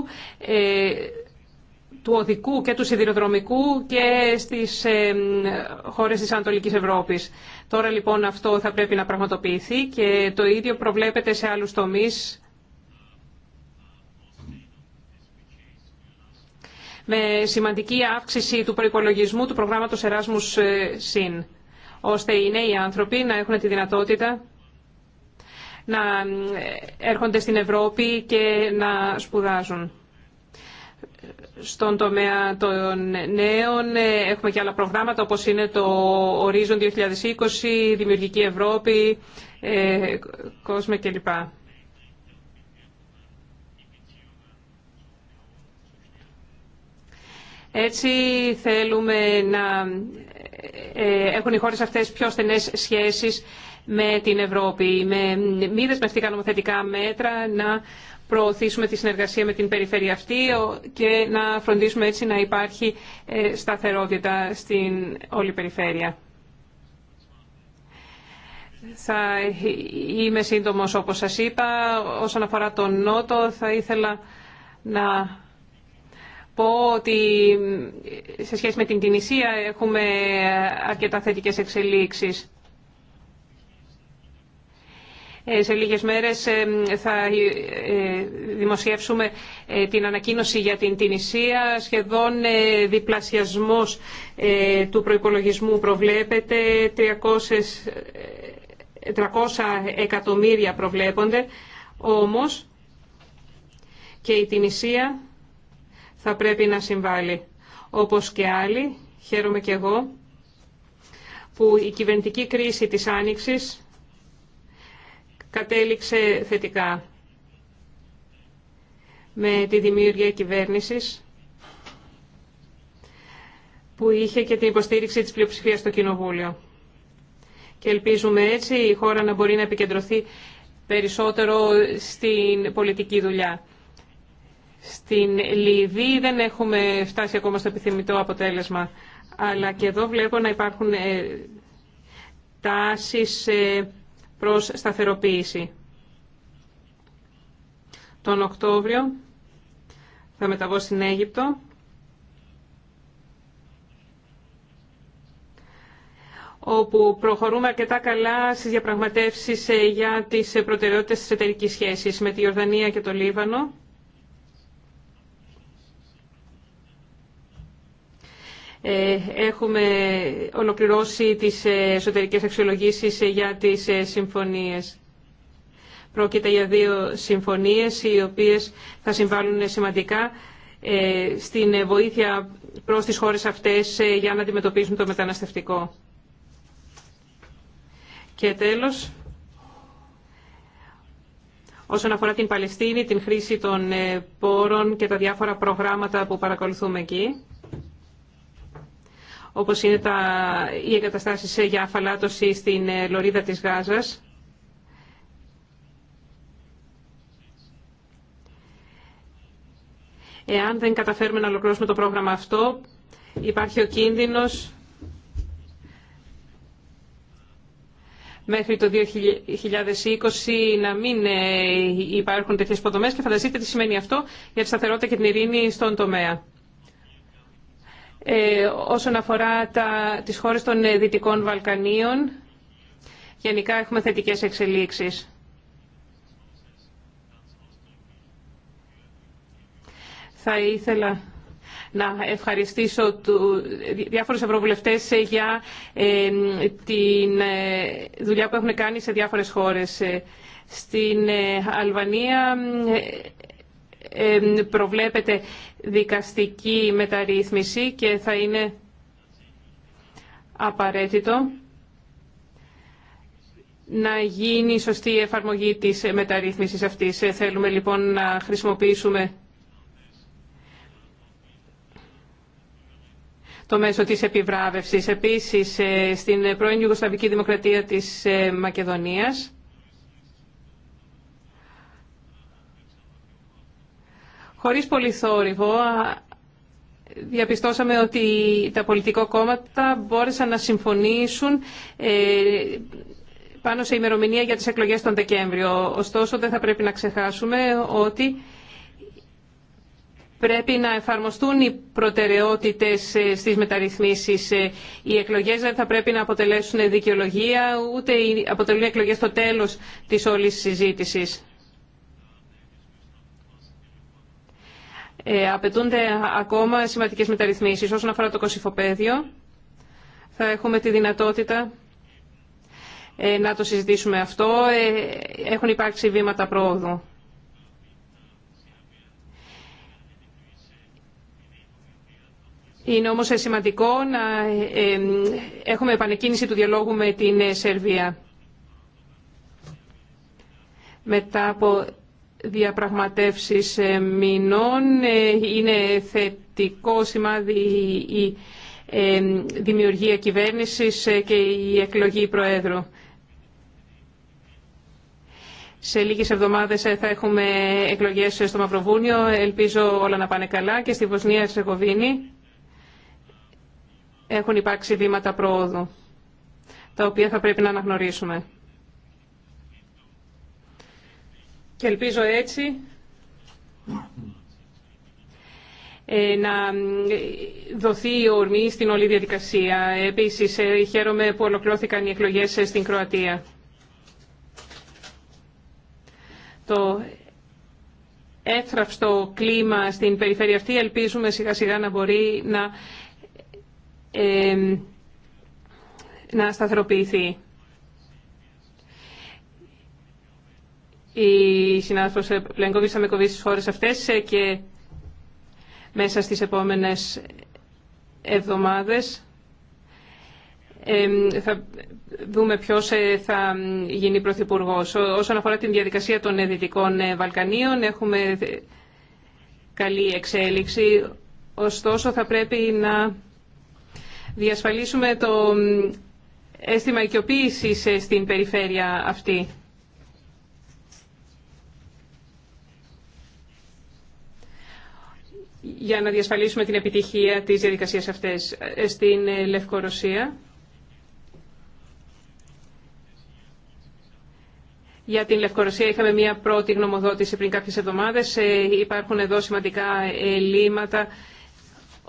του οδικού και του σιδηροδρομικού και στις χώρες της Ανατολικής Ευρώπης. Τώρα λοιπόν αυτό θα πρέπει να πραγματοποιηθεί και το ίδιο προβλέπεται σε άλλους τομείς με σημαντική αύξηση του προϋπολογισμού του προγράμματος Erasmus ε, ΣΥΝ, ώστε οι νέοι άνθρωποι να έχουν τη δυνατότητα να ε, έρχονται στην Ευρώπη και να σπουδάζουν. Στον τομέα των νέων ε, έχουμε και άλλα προγράμματα όπως είναι το Horizon 2020, Δημιουργική Ευρώπη, Κόσμε κλπ. Έτσι θέλουμε να ε, ε, έχουν οι χώρες αυτές πιο στενές σχέσεις με την Ευρώπη. Με μη δεσμευτικά νομοθετικά μέτρα να προωθήσουμε τη συνεργασία με την περιφέρεια αυτή και να φροντίσουμε έτσι να υπάρχει ε, σταθερότητα στην όλη περιφέρεια. Θα είμαι σύντομος όπως σας είπα. Όσον αφορά τον Νότο θα ήθελα να πω ότι σε σχέση με την Τινησία έχουμε αρκετά θετικές εξελίξεις. Ε, σε λίγες μέρες ε, θα ε, δημοσιεύσουμε την ανακοίνωση για την Τινησία. Σχεδόν διπλασιασμός του προϋπολογισμού προβλέπεται, 300, 300 εκατομμύρια προβλέπονται, όμως και η Τινησία θα πρέπει να συμβάλλει. Όπως και άλλοι, χαίρομαι και εγώ που η κυβερνητική κρίση της Άνοιξης κατέληξε θετικά με τη δημιουργία κυβέρνησης που είχε και την υποστήριξη της πλειοψηφίας στο Κοινοβούλιο. Και ελπίζουμε έτσι η χώρα να μπορεί να επικεντρωθεί περισσότερο στην πολιτική δουλειά. Στην Λιβύη δεν έχουμε φτάσει ακόμα στο επιθυμητό αποτέλεσμα, αλλά και εδώ βλέπω να υπάρχουν ε, τάσεις ε, προς σταθεροποίηση. Τον Οκτώβριο θα μεταβώ στην Αίγυπτο. όπου προχωρούμε αρκετά καλά στις διαπραγματεύσεις ε, για τις προτεραιότητες της εταιρικής σχέσης με τη Ιορδανία και το Λίβανο. Ε, έχουμε ολοκληρώσει τις ε, εσωτερικές αξιολογήσεις ε, για τις συμφωνίες. Πρόκειται για δύο συμφωνίες οι οποίες θα συμβάλλουν σημαντικά στην βοήθεια προς τις χώρες αυτές για να αντιμετωπίσουν το μεταναστευτικό. Και τέλος, όσον αφορά την Παλαιστίνη, την χρήση των πόρων και τα διάφορα προγράμματα που παρακολουθούμε εκεί, όπως είναι τα, οι εγκαταστάσεις για αφαλάτωση στην ε, λωρίδα της Γάζας. Εάν δεν καταφέρουμε να ολοκληρώσουμε το πρόγραμμα αυτό, υπάρχει ο κίνδυνος μέχρι το 2020 να μην ε, υπάρχουν τέτοιες υποδομές και φανταστείτε τι σημαίνει αυτό για τη σταθερότητα και την ειρήνη στον τομέα. Ε, όσον αφορά τα, τις χώρες των ε, Δυτικών Βαλκανίων. Γενικά έχουμε θετικές εξελίξεις. Θα ήθελα να ευχαριστήσω του, διάφορους ευρωβουλευτές ε, για τη δουλειά που έχουν κάνει σε διάφορες χώρες. Στην Αλβανία προβλέπεται δικαστική μεταρρύθμιση και θα είναι απαραίτητο να γίνει σωστή η εφαρμογή της μεταρρύθμισης αυτής. Ε, θέλουμε λοιπόν να χρησιμοποιήσουμε το μέσο της επιβράβευσης. Επίσης, ε, στην πρώην Ιουγκοσταβική Δημοκρατία της ε, Μακεδονίας Χωρίς πολύ θόρυβο, διαπιστώσαμε ότι τα πολιτικά κόμματα μπόρεσαν να συμφωνήσουν ε, πάνω σε ημερομηνία για τις εκλογές τον Δεκέμβριο. Ωστόσο, δεν θα πρέπει να ξεχάσουμε ότι πρέπει να εφαρμοστούν οι προτεραιότητες ε, στις μεταρρυθμίσεις. Ε, οι εκλογές δεν θα πρέπει να αποτελέσουν δικαιολογία, ούτε αποτελούν εκλογές στο τέλος της όλης συζήτησης. Ε, απαιτούνται ακόμα σημαντικές μεταρρυθμίσεις. Όσον αφορά το κοσυφοπαίδιο, θα έχουμε τη δυνατότητα ε, να το συζητήσουμε αυτό. Ε, έχουν υπάρξει βήματα πρόοδου. Είναι όμως σημαντικό να έχουμε επανεκκίνηση του διαλόγου με την Σερβία. Μετά από διαπραγματεύσεις ε, μηνών. Ε, είναι θετικό σημάδι η ε, δημιουργία κυβέρνησης και η εκλογή Προέδρου. Σε λίγες εβδομάδες θα έχουμε εκλογές στο Μαυροβούνιο. Ελπίζω όλα να πάνε καλά και στη Βοσνία Ερσεγοβίνη έχουν υπάρξει βήματα προόδου, τα οποία θα πρέπει να αναγνωρίσουμε. και ελπίζω έτσι ε, να δοθεί η ορμή στην όλη διαδικασία. Επίσης, ε, χαίρομαι που ολοκλώθηκαν οι εκλογές ε, στην Κροατία. Το έθραυστο κλίμα στην περιφέρεια αυτή ελπίζουμε σιγά σιγά να μπορεί να, ε, να σταθεροποιηθεί. η συνάδελφος Πλέγκοβιτς θα με κοβήσει στις χώρες αυτές ε, και μέσα στις επόμενες εβδομάδες ε, θα δούμε ποιος ε, θα γίνει πρωθυπουργό. Όσον αφορά την διαδικασία των Δυτικών Βαλκανίων έχουμε καλή εξέλιξη, ωστόσο θα πρέπει να διασφαλίσουμε το αίσθημα οικειοποίησης στην περιφέρεια αυτή. για να διασφαλίσουμε την επιτυχία της διαδικασίας αυτές ε, στην ε, Λευκορωσία. Για την Λευκορωσία είχαμε μία πρώτη γνωμοδότηση πριν κάποιες εβδομάδες. Ε, υπάρχουν εδώ σημαντικά ελλείμματα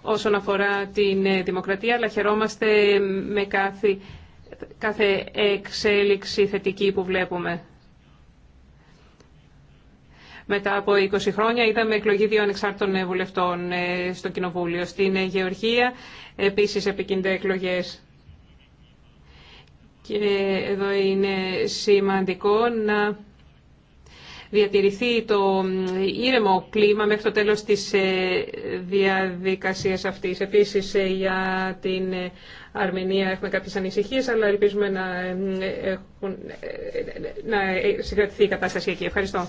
όσον αφορά την δημοκρατία, αλλά χαιρόμαστε με κάθε εξέλιξη θετική που βλέπουμε. Μετά από 20 χρόνια είδαμε εκλογή δύο ανεξάρτητων ε, βουλευτών ε, στο Κοινοβούλιο. Στην ε, Γεωργία επίσης επικίνδυνε εκλογές. Και εδώ είναι σημαντικό να διατηρηθεί το ήρεμο κλίμα μέχρι το τέλος της διαδικασίας αυτής. Επίσης για την Αρμενία έχουμε κάποιες ανησυχίες, αλλά ελπίζουμε να, ε, έχουν, ε, να ε, συγκρατηθεί η κατάσταση εκεί. Ευχαριστώ.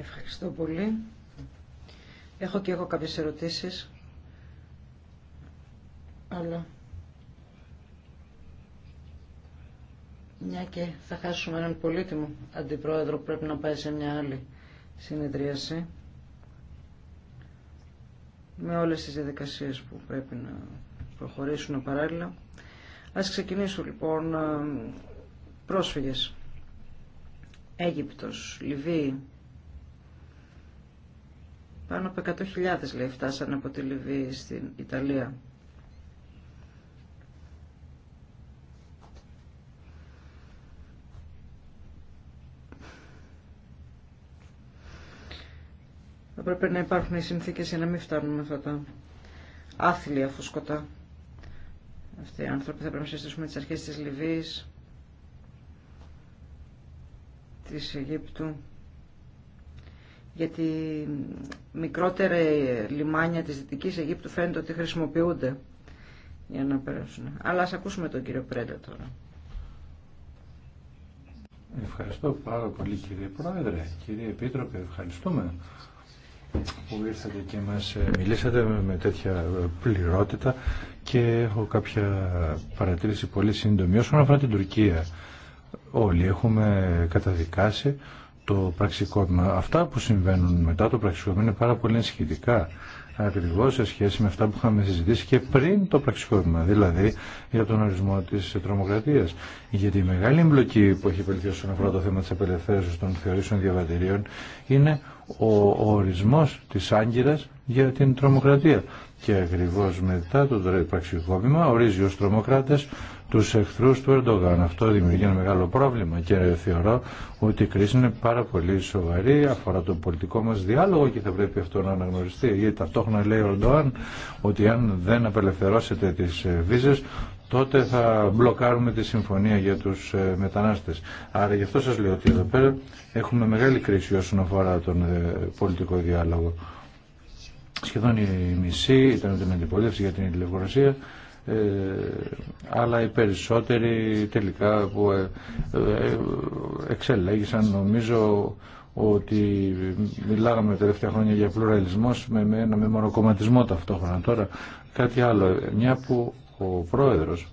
Ευχαριστώ πολύ. Έχω και εγώ κάποιες ερωτήσεις. Αλλά... Μια και θα χάσουμε έναν πολύτιμο αντιπρόεδρο που πρέπει να πάει σε μια άλλη συνεδρίαση με όλες τις διαδικασίες που πρέπει να προχωρήσουν παράλληλα. Ας ξεκινήσω λοιπόν ε, πρόσφυγες. Αίγυπτος, Λιβύη. Πάνω από 100.000 λέει φτάσανε από τη Λιβύη στην Ιταλία. Θα πρέπει να υπάρχουν οι συνθήκες για να μην φτάνουμε αυτά τα άθλια φουσκωτά. Αυτοί οι άνθρωποι θα πρέπει να συζητήσουμε τις αρχές της Λιβύης, της Αιγύπτου, γιατί μικρότερα λιμάνια της Δυτικής Αιγύπτου φαίνεται ότι χρησιμοποιούνται για να περάσουν. Αλλά ας ακούσουμε τον κύριο Πρέντα τώρα. Ευχαριστώ πάρα πολύ κύριε Πρόεδρε, κύριε Επίτροπε, ευχαριστούμε που ήρθατε και μας ε, μιλήσατε με τέτοια πληρότητα και έχω κάποια παρατήρηση πολύ σύντομη. Όσον αφορά την Τουρκία, όλοι έχουμε καταδικάσει το πραξικόπημα. Αυτά που συμβαίνουν μετά το πραξικόπημα είναι πάρα πολύ ενσχυτικά ακριβώ σε σχέση με αυτά που είχαμε συζητήσει και πριν το πραξικόπημα, δηλαδή για τον ορισμό τη τρομοκρατία. Γιατί η μεγάλη εμπλοκή που έχει επελθεί όσον αφορά το θέμα τη απελευθέρωση των θεωρήσεων διαβατηρίων είναι ο ορισμό τη άγκυρα για την τρομοκρατία και ακριβώς μετά το πραξικόπημα ορίζει ως τρομοκράτες τους εχθρούς του Ερντογάν. Αυτό δημιουργεί ένα μεγάλο πρόβλημα και θεωρώ ότι η κρίση είναι πάρα πολύ σοβαρή, αφορά τον πολιτικό μας διάλογο και θα πρέπει αυτό να αναγνωριστεί. Γιατί ταυτόχρονα λέει ο Ερντογάν ότι αν δεν απελευθερώσετε τις ε, βίζες τότε θα μπλοκάρουμε τη συμφωνία για τους ε, μετανάστες. Άρα γι' αυτό σας λέω ότι εδώ πέρα έχουμε μεγάλη κρίση όσον αφορά τον ε, πολιτικό διάλογο σχεδόν η μισή ήταν την αντιπολίτευση για την ηλεκτροκρασία ε, αλλά οι περισσότεροι τελικά που ε, ε, εξελέγησαν νομίζω ότι μιλάγαμε τα τελευταία χρόνια για πλουραλισμό με, με ένα με μονοκομματισμό ταυτόχρονα τώρα κάτι άλλο μια που ο πρόεδρος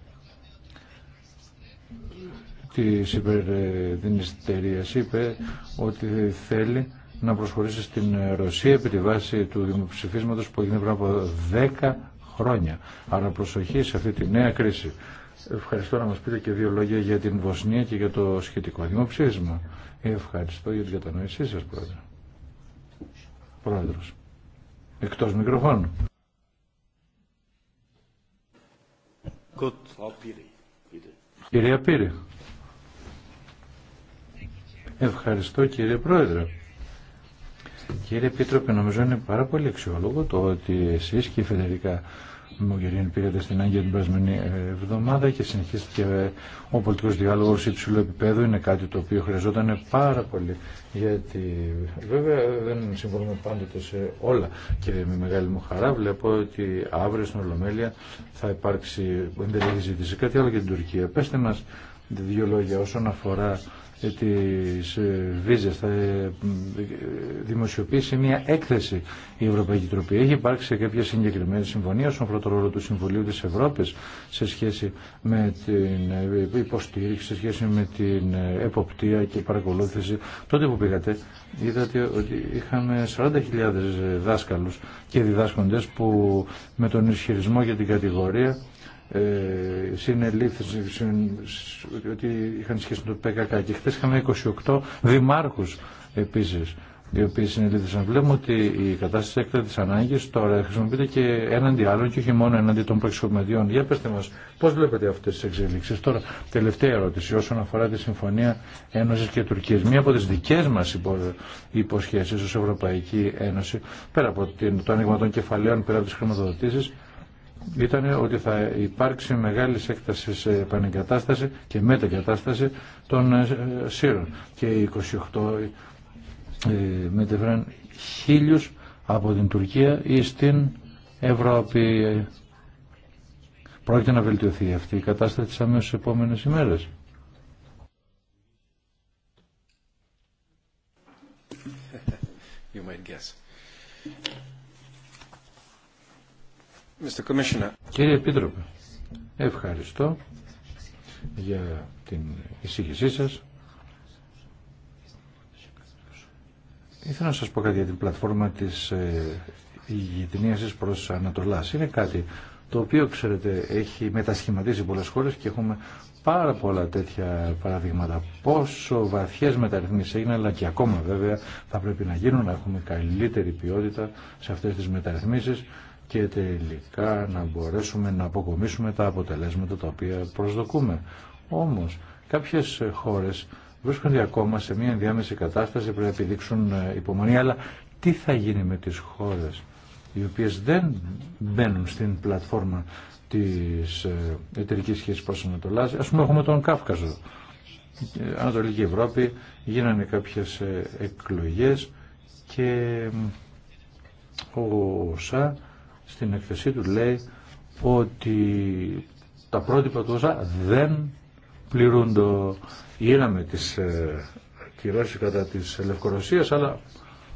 της υπερδινιστερίας είπε ότι θέλει να προσχωρήσει στην Ρωσία επί τη βάση του δημοψηφίσματος που έγινε πριν από 10 χρόνια. Άρα προσοχή σε αυτή τη νέα κρίση. Ευχαριστώ να μας πείτε και δύο λόγια για την Βοσνία και για το σχετικό δημοψήφισμα. Ευχαριστώ για την κατανοησή σα, Πρόεδρε. Πρόεδρος. Εκτός μικροφώνου. Κυρία Πύρη. Ευχαριστώ κύριε Πρόεδρε. Κύριε Επίτροπε, νομίζω είναι πάρα πολύ αξιόλογο το ότι εσεί και η Φεδερικά Μογγερίνη πήγατε στην Άγγελ την περασμένη ε, εβδομάδα και συνεχίστηκε ε, ο πολιτικό διάλογο υψηλού επίπεδου. Είναι κάτι το οποίο χρειαζόταν πάρα πολύ. Γιατί βέβαια δεν συμφωνούμε πάντοτε σε όλα. Και με μεγάλη μου χαρά βλέπω ότι αύριο στην Ολομέλεια θα υπάρξει εντελή συζήτηση. Κάτι άλλο για την Τουρκία. Πέστε μας Δύο λόγια όσον αφορά ε, τις ε, βίζες θα ε, δημοσιοποιήσει μια έκθεση η Ευρωπαϊκή Τροπή. Έχει υπάρξει κάποια συγκεκριμένη συμφωνία στον πρώτο ρόλο του Συμβουλίου της Ευρώπης σε σχέση με την υποστήριξη, σε σχέση με την εποπτεία και παρακολούθηση. Τότε που πήγατε είδατε ότι είχαμε 40.000 δάσκαλους και διδάσκοντες που με τον ισχυρισμό για την κατηγορία ε, συνελήφθησαν ότι είχαν σχέση με το ΠΚΚ και χθε είχαμε 28 δημάρχους επίσης οι οποίοι συνελήφθησαν. Βλέπουμε ότι η κατάσταση της ανάγκης τώρα χρησιμοποιείται και έναντι άλλων και όχι μόνο έναντι των προεξομεδιών. Για πετε μας, πώς βλέπετε αυτές τις εξελίξεις. Τώρα, τελευταία ερώτηση όσον αφορά τη Συμφωνία Ένωσης και Τουρκίας. Μία από τις δικές μας υποσχέσεις ως Ευρωπαϊκή Ένωση, πέρα από το άνοιγμα των κεφαλαίων, πέρα από τις χρηματοδοτήσεις, ήταν ότι θα υπάρξει μεγάλη έκταση σε επανεγκατάσταση και μετεγκατάσταση των ε, Σύρων. Και οι 28 ε, μετέφεραν χίλιους από την Τουρκία ή στην Ευρώπη. Πρόκειται να βελτιωθεί αυτή η κατάσταση τις αμέσως επόμενες ημέρες. You might guess. Κύριε Επίτροπε, ευχαριστώ για την εισήγησή σας. Ήθελα να σας πω κάτι για την πλατφόρμα της ε, γειτνίασης προς Ανατολάς. Είναι κάτι το οποίο, ξέρετε, έχει μετασχηματίσει πολλές χώρες και έχουμε πάρα πολλά τέτοια παραδείγματα. Πόσο βαθιές μεταρρυθμίσεις έγιναν, αλλά και ακόμα βέβαια θα πρέπει να γίνουν, να έχουμε καλύτερη ποιότητα σε αυτές τις μεταρρυθμίσεις και τελικά να μπορέσουμε να αποκομίσουμε τα αποτελέσματα τα οποία προσδοκούμε. Όμως κάποιες χώρες βρίσκονται ακόμα σε μια ενδιάμεση κατάσταση πρέπει να επιδείξουν ε, υπομονή αλλά τι θα γίνει με τις χώρες οι οποίες δεν μπαίνουν στην πλατφόρμα της ε, εταιρική σχέσης προς Ανατολάς. Ας πούμε έχουμε τον Κάφκαζο. Ε, Ανατολική Ευρώπη γίνανε κάποιες εκλογές και ο στην εκθεσή του λέει ότι τα πρότυπα του ΩΣΑ δεν πληρούν το είδαμε τις ε, κυρώσεις κατά της Λευκορωσίας αλλά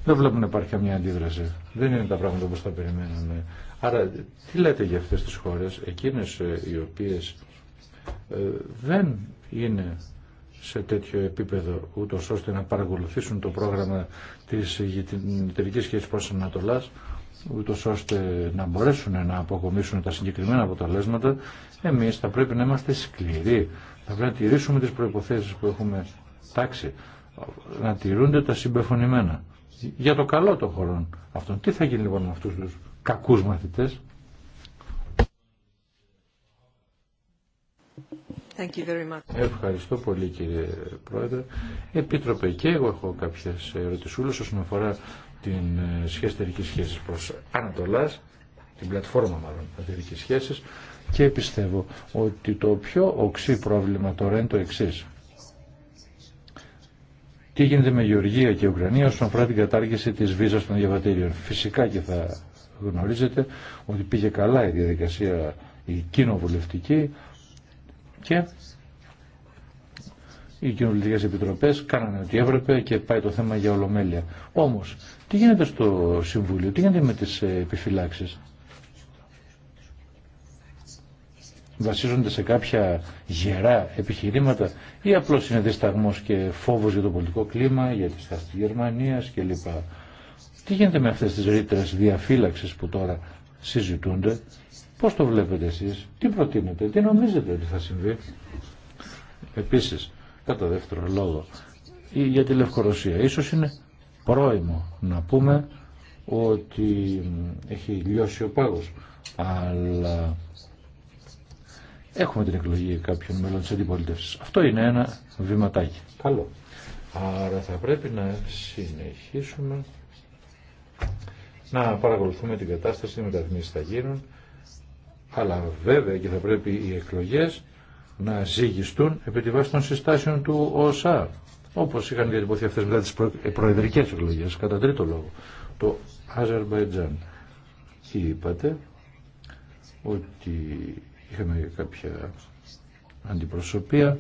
δεν βλέπουν να υπάρχει καμία αντίδραση. Δεν είναι τα πράγματα όπως τα περιμέναμε. Άρα τι λέτε για αυτές τις χώρες, εκείνες ε, οι οποίες ε, δεν είναι σε τέτοιο επίπεδο ούτω ώστε να παρακολουθήσουν το πρόγραμμα της γητρικής σχέσης προς Ανατολάς ούτω ώστε να μπορέσουν να αποκομίσουν τα συγκεκριμένα αποτελέσματα, εμείς θα πρέπει να είμαστε σκληροί. Θα πρέπει να τηρήσουμε τις προποθέσει που έχουμε τάξει. Να τηρούνται τα συμπεφωνημένα. Για το καλό των χωρών αυτών. Τι θα γίνει λοιπόν με αυτούς τους κακούς μαθητές. Ευχαριστώ πολύ κύριε Πρόεδρε. Επίτροπε και εγώ έχω κάποιες ερωτησούλες όσον αφορά την ε, σχέση εταιρικής σχέσης προς Ανατολάς, την πλατφόρμα μάλλον εταιρικής σχέσης και πιστεύω ότι το πιο οξύ πρόβλημα τώρα είναι το εξή. Τι γίνεται με Γεωργία και Ουκρανία όσον αφορά την κατάργηση της βίζα των διαβατήριων. Φυσικά και θα γνωρίζετε ότι πήγε καλά η διαδικασία η κοινοβουλευτική και οι κοινοβουλευτικέ επιτροπέ κάνανε ό,τι έπρεπε και πάει το θέμα για ολομέλεια. Όμω, τι γίνεται στο Συμβούλιο, τι γίνεται με τι ε, επιφυλάξει. Βασίζονται σε κάποια γερά επιχειρήματα ή απλώ είναι δισταγμό και φόβο για το πολιτικό κλίμα, για τη στάση τη Γερμανία κλπ. Τι γίνεται με αυτέ τι ρήτρε διαφύλαξη που τώρα συζητούνται, πώ το βλέπετε εσεί, τι προτείνετε, τι νομίζετε ότι θα συμβεί. Επίσης, κατά δεύτερο λόγο ή για τη Λευκορωσία. Ίσως είναι πρόημο να πούμε ότι έχει λιώσει ο πάγος, αλλά έχουμε την εκλογή κάποιων μέλων της αντιπολίτευσης. Αυτό είναι ένα βηματάκι. Καλό. Άρα θα πρέπει να συνεχίσουμε να παρακολουθούμε την κατάσταση με τα θα γίνουν, αλλά βέβαια και θα πρέπει οι εκλογές να ζηγιστούν επί τη βάση των συστάσεων του ΟΣΑ, όπως είχαν διατυπωθεί αυτέ μετά τι ε, προεδρικές εκλογέ, κατά τρίτο λόγο, το Αζερβαϊτζάν. Είπατε ότι είχαμε κάποια αντιπροσωπεία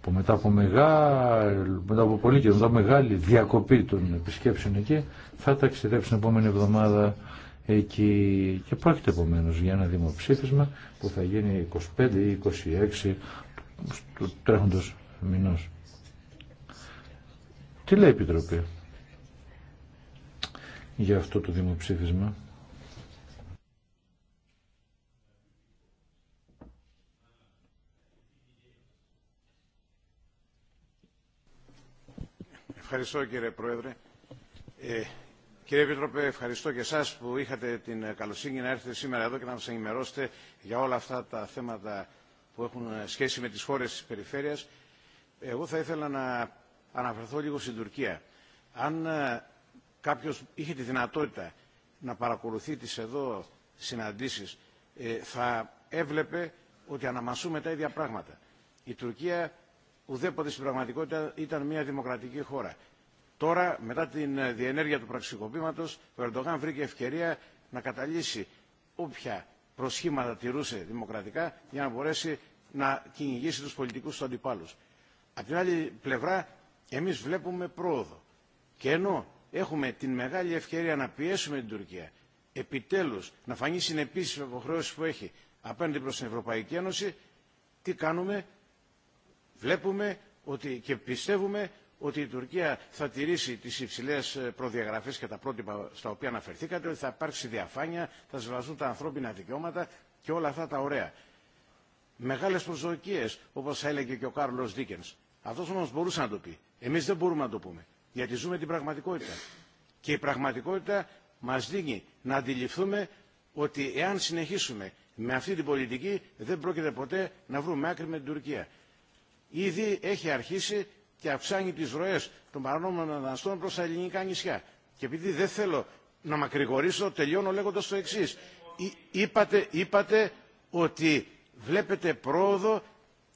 που μετά από, μεγάλη, μετά από πολύ και μετά μεγάλη διακοπή των επισκέψεων εκεί θα ταξιδέψει την επόμενη εβδομάδα εκεί και πρόκειται επομένω για ένα δημοψήφισμα που θα γίνει 25 ή 26 του τρέχοντος μηνός. Τι λέει η Επιτροπή για αυτό το δημοψήφισμα. Ευχαριστώ κύριε Πρόεδρε. Ε, Κύριε Επίτροπε, ευχαριστώ και εσά που είχατε την καλοσύνη να έρθετε σήμερα εδώ και να μα ενημερώσετε για όλα αυτά τα θέματα που έχουν σχέση με τι χώρε τη περιφέρεια. Εγώ θα ήθελα να αναφερθώ λίγο στην Τουρκία. Αν ε, κάποιο είχε τη δυνατότητα να παρακολουθεί τι εδώ συναντήσει, ε, θα έβλεπε ότι αναμασούμε τα ίδια πράγματα. Η Τουρκία ουδέποτε στην πραγματικότητα ήταν μια δημοκρατική χώρα. Τώρα, μετά την ε, διενέργεια του πραξικοπήματος, ο Ερντογάν βρήκε ευκαιρία να καταλύσει όποια προσχήματα τηρούσε δημοκρατικά για να μπορέσει να κυνηγήσει τους πολιτικούς του αντιπάλους. Από την άλλη πλευρά, εμείς βλέπουμε πρόοδο. Και ενώ έχουμε την μεγάλη ευκαιρία να πιέσουμε την Τουρκία, επιτέλους να φανεί συνεπίση στις υποχρεώσει που έχει απέναντι προς την Ευρωπαϊκή Ένωση, τι κάνουμε, βλέπουμε ότι και πιστεύουμε ότι η Τουρκία θα τηρήσει τι υψηλέ ε, προδιαγραφέ και τα πρότυπα στα οποία αναφερθήκατε, ότι θα υπάρξει διαφάνεια, θα σεβαστούν τα ανθρώπινα δικαιώματα και όλα αυτά τα ωραία. Μεγάλε προσδοκίε, όπω έλεγε και ο Κάρλο Δίκεν. Αυτό όμω μπορούσε να το πει. Εμεί δεν μπορούμε να το πούμε. Γιατί ζούμε την πραγματικότητα. Και η πραγματικότητα μα δίνει να αντιληφθούμε ότι εάν συνεχίσουμε με αυτή την πολιτική δεν πρόκειται ποτέ να βρούμε άκρη με την Τουρκία. Ήδη έχει αρχίσει και αυξάνει τις ροές των παρανόμων μεταναστών προς τα ελληνικά νησιά. Και επειδή δεν θέλω να μακρηγορήσω, τελειώνω λέγοντας το εξής. Είπατε, είπατε ότι βλέπετε πρόοδο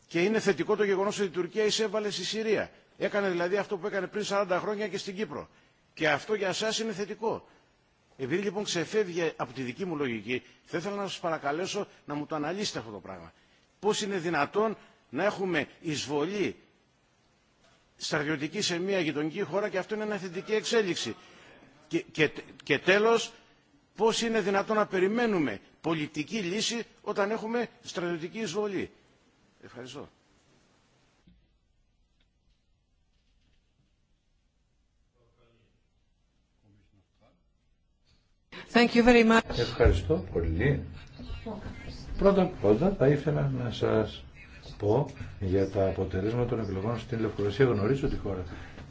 και είναι θετικό το γεγονός ότι η Τουρκία εισέβαλε στη Συρία. Έκανε δηλαδή αυτό που έκανε πριν 40 χρόνια και στην Κύπρο. Και αυτό για εσά είναι θετικό. Επειδή λοιπόν ξεφεύγει από τη δική μου λογική, θα ήθελα να σας παρακαλέσω να μου το αναλύσετε αυτό το πράγμα. Πώς είναι δυνατόν να έχουμε εισβολή στρατιωτική σε μια γειτονική χώρα και αυτό είναι μια θετική εξέλιξη. Και, και, και τέλος, πώς είναι δυνατόν να περιμένουμε πολιτική λύση όταν έχουμε στρατιωτική εισβολή. Ευχαριστώ. Thank you very much. Ευχαριστώ πολύ. Πρώτα πρώτα θα ήθελα να σας πω για τα αποτελέσματα των εκλογών στην Λευκορωσία. Γνωρίζω τη χώρα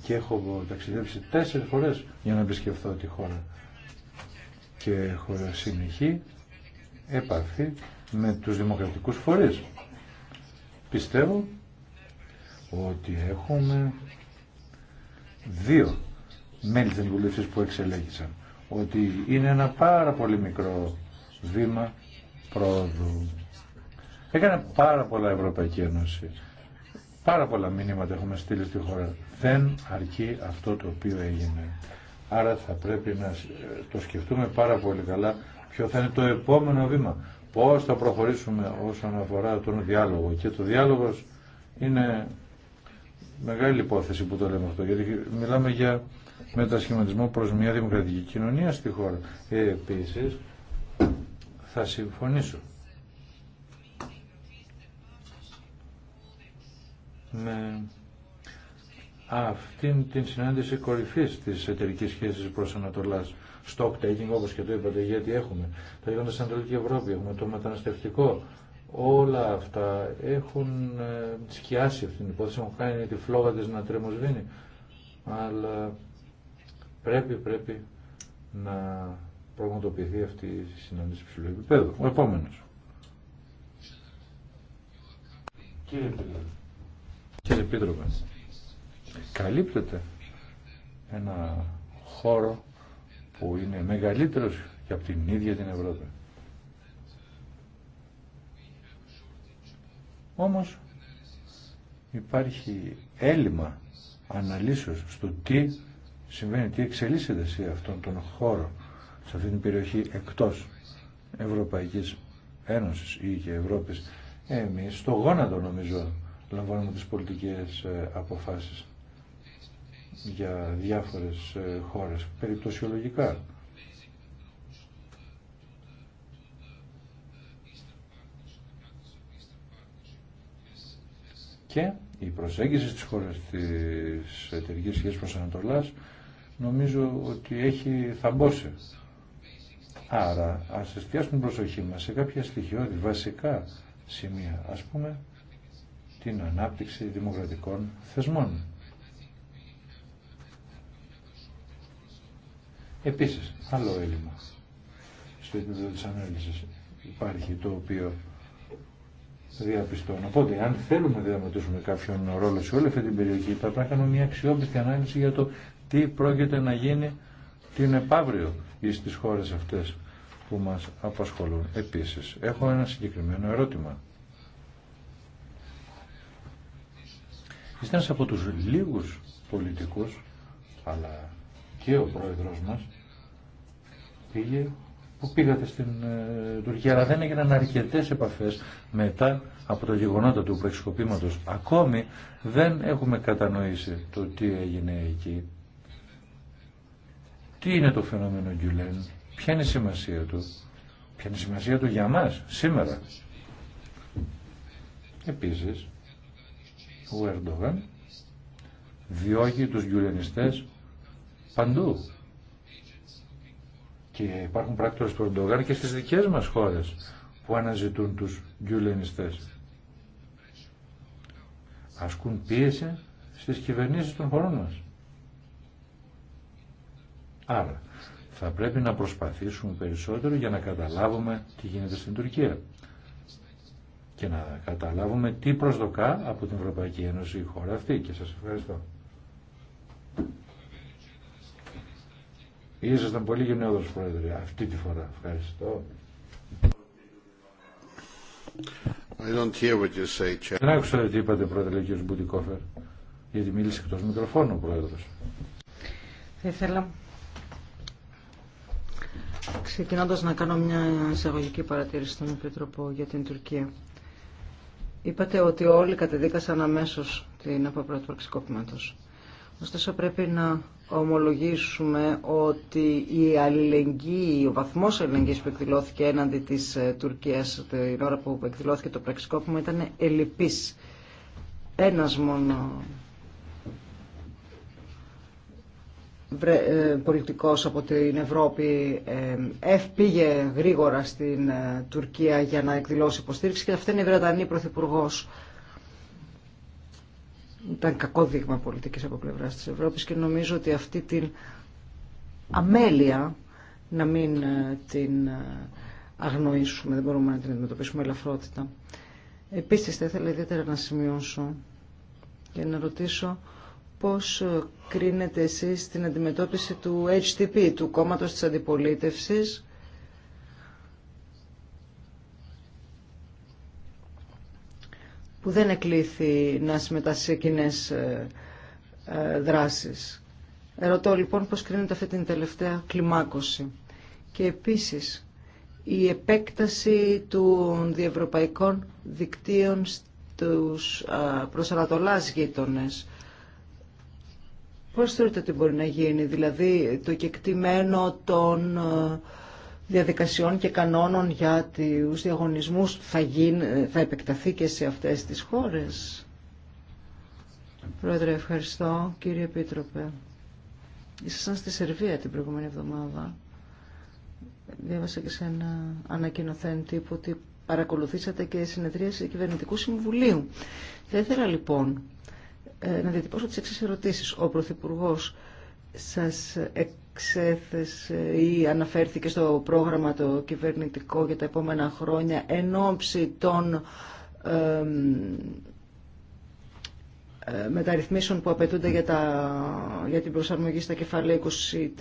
και έχω ταξιδέψει τέσσερις φορές για να επισκεφθώ τη χώρα. Και έχω συνεχή επαφή με τους δημοκρατικούς φορείς. Πιστεύω ότι έχουμε δύο μέλη της που εξελέγησαν ότι είναι ένα πάρα πολύ μικρό βήμα πρόοδου. Έκανε πάρα πολλά Ευρωπαϊκή Ένωση. Πάρα πολλά μηνύματα έχουμε στείλει στη χώρα. Δεν αρκεί αυτό το οποίο έγινε. Άρα θα πρέπει να ε, το σκεφτούμε πάρα πολύ καλά ποιο θα είναι το επόμενο βήμα. Πώς θα προχωρήσουμε όσον αφορά τον διάλογο. Και το διάλογος είναι μεγάλη υπόθεση που το λέμε αυτό. Γιατί μιλάμε για μετασχηματισμό προς μια δημοκρατική κοινωνία στη χώρα. Ε, επίσης θα συμφωνήσω αυτήν την συνάντηση κορυφής της εταιρική σχέσης προς Ανατολάς. Stock taking όπως και το είπατε γιατί έχουμε. Τα γεγονότα στην Ανατολική Ευρώπη, έχουμε το μεταναστευτικό. Όλα αυτά έχουν ε, σκιάσει αυτήν την υπόθεση, έχουν κάνει τη φλόγα της να τρεμοσβήνει. Αλλά πρέπει, πρέπει να πραγματοποιηθεί αυτή η συνάντηση ψηλού επίπεδου. Ο επόμενος. Κύριε Κύριε Επίτροπε, καλύπτεται ένα χώρο που είναι μεγαλύτερος και από την ίδια την Ευρώπη. Όμως υπάρχει έλλειμμα αναλύσεως στο τι συμβαίνει, τι εξελίσσεται σε αυτόν τον χώρο, σε αυτήν την περιοχή εκτός Ευρωπαϊκής Ένωσης ή και Ευρώπης. Εμείς στο γόνατο νομίζω λαμβάνουμε τις πολιτικές ε, αποφάσεις για διάφορες ε, χώρες, περιπτωσιολογικά. Και η προσέγγιση στις χώρες της εταιρικής σχέσης προς Ανατολάς νομίζω ότι έχει θαμπόσει. Άρα ας εστιάσουμε την προσοχή μας σε κάποια στοιχειώδη βασικά σημεία. Ας πούμε την ανάπτυξη δημοκρατικών θεσμών. Επίσης, άλλο έλλειμμα στο επίπεδο της ανάλυσης υπάρχει το οποίο διαπιστώνω. Οπότε, αν θέλουμε να διαμετρήσουμε κάποιον ρόλο σε όλη αυτή την περιοχή, θα πρέπει να κάνουμε μια αξιόπιστη ανάλυση για το τι πρόκειται να γίνει την επαύριο στις χώρες αυτές που μας απασχολούν. Επίσης, έχω ένα συγκεκριμένο ερώτημα. Είστε από τους λίγους πολιτικούς, αλλά και ο πρόεδρος μας, πήγε, που πήγατε στην ε, Τουρκία, αλλά δεν έγιναν αρκετές επαφές μετά από το γεγονότα του προεξκοπήματος. Ακόμη δεν έχουμε κατανοήσει το τι έγινε εκεί. Τι είναι το φαινόμενο Γκιουλέν, ποια είναι η σημασία του, ποια είναι η σημασία του για μας σήμερα. Επίσης, ο Ερντογάν διώγει τους Γιουλενιστές παντού. Και υπάρχουν πράκτορες του Ερντογάν και στις δικές μας χώρες που αναζητούν τους Γιουλενιστές, Ασκούν πίεση στις κυβερνήσεις των χωρών μας. Άρα, θα πρέπει να προσπαθήσουμε περισσότερο για να καταλάβουμε τι γίνεται στην Τουρκία και να καταλάβουμε τι προσδοκά από την Ευρωπαϊκή Ένωση η χώρα αυτή. Και σας ευχαριστώ. Ήσασταν πολύ γενναιόδος πρόεδρε αυτή τη φορά. Ευχαριστώ. I don't hear what you say, Δεν άκουσα τι είπατε πρόεδρε κ. Μπουτικόφερ γιατί μίλησε εκτός μικροφώνου ο πρόεδρος. Θα ήθελα ξεκινώντας να κάνω μια εισαγωγική παρατήρηση στον Επίτροπο για την Τουρκία. Είπατε ότι όλοι κατεδίκασαν αμέσω την απόπειρα του πραξικόπηματος. Ωστόσο πρέπει να ομολογήσουμε ότι η αλληλεγγύη, ο βαθμός αλληλεγγύη που εκδηλώθηκε έναντι της ε, Τουρκίας την ώρα που εκδηλώθηκε το πραξικόπημα ήταν ελλειπή. ένα μόνο Ε, πολιτικός από την Ευρώπη ε, πήγε γρήγορα στην ε, Τουρκία για να εκδηλώσει υποστήριξη και αυτή είναι η Βρετανή Πρωθυπουργό. Ήταν κακό δείγμα πολιτικής από πλευρά της Ευρώπης και νομίζω ότι αυτή την αμέλεια να μην την αγνοήσουμε, δεν μπορούμε να την αντιμετωπίσουμε ελαφρότητα. Επίσης θα ήθελα ιδιαίτερα να σημειώσω και να ρωτήσω πώς ε, κρίνετε εσείς την αντιμετώπιση του HTP, του κόμματος της αντιπολίτευσης, που δεν εκλήθη να συμμετάσχει σε κοινέ ε, ε, δράσεις. Ερωτώ λοιπόν πώς κρίνεται αυτή την τελευταία κλιμάκωση. Και επίσης η επέκταση των διευρωπαϊκών δικτύων στους προσαρατολάς Πώς θεωρείτε ότι μπορεί να γίνει, δηλαδή το κεκτημένο των ε, διαδικασιών και κανόνων για τους διαγωνισμούς θα, θα επεκταθεί και σε αυτές τις χώρες. Πρόεδρε, ευχαριστώ. Κύριε Επίτροπε, ήσασταν στη Σερβία την προηγούμενη εβδομάδα. Διάβασα και σε ένα ανακοινωθέν τύπο ότι παρακολουθήσατε και συνεδρίαση κυβερνητικού συμβουλίου. Θα ήθελα λοιπόν ε, να διατυπώσω τις εξής ερωτήσεις. Ο Πρωθυπουργό σας εξέθεσε ή αναφέρθηκε στο πρόγραμμα το κυβερνητικό για τα επόμενα χρόνια εν ώψη των ε, μεταρρυθμίσεων που απαιτούνται για, τα, για την προσαρμογή στα κεφάλαια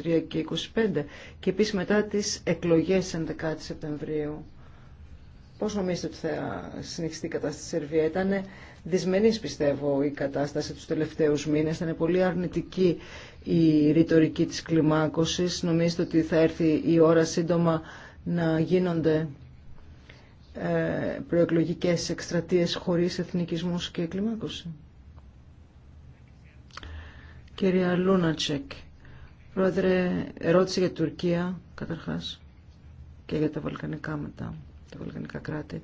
23 και 25 και επίσης μετά τις εκλογές 11 Σεπτεμβρίου. Πώς νομίζετε ότι θα συνεχιστεί η κατάσταση στη Σερβία. Ήτανε δυσμενής πιστεύω η κατάσταση τους τελευταίους μήνες. Ήταν πολύ αρνητική η ρητορική της κλιμάκωσης. Νομίζετε ότι θα έρθει η ώρα σύντομα να γίνονται ε, προεκλογικές εκστρατείες χωρίς εθνικισμούς και κλιμάκωση. Κυρία Λούνατσεκ, πρόεδρε, ερώτηση για Τουρκία καταρχάς και για τα Βαλκανικά μετά, τα Βαλκανικά κράτη.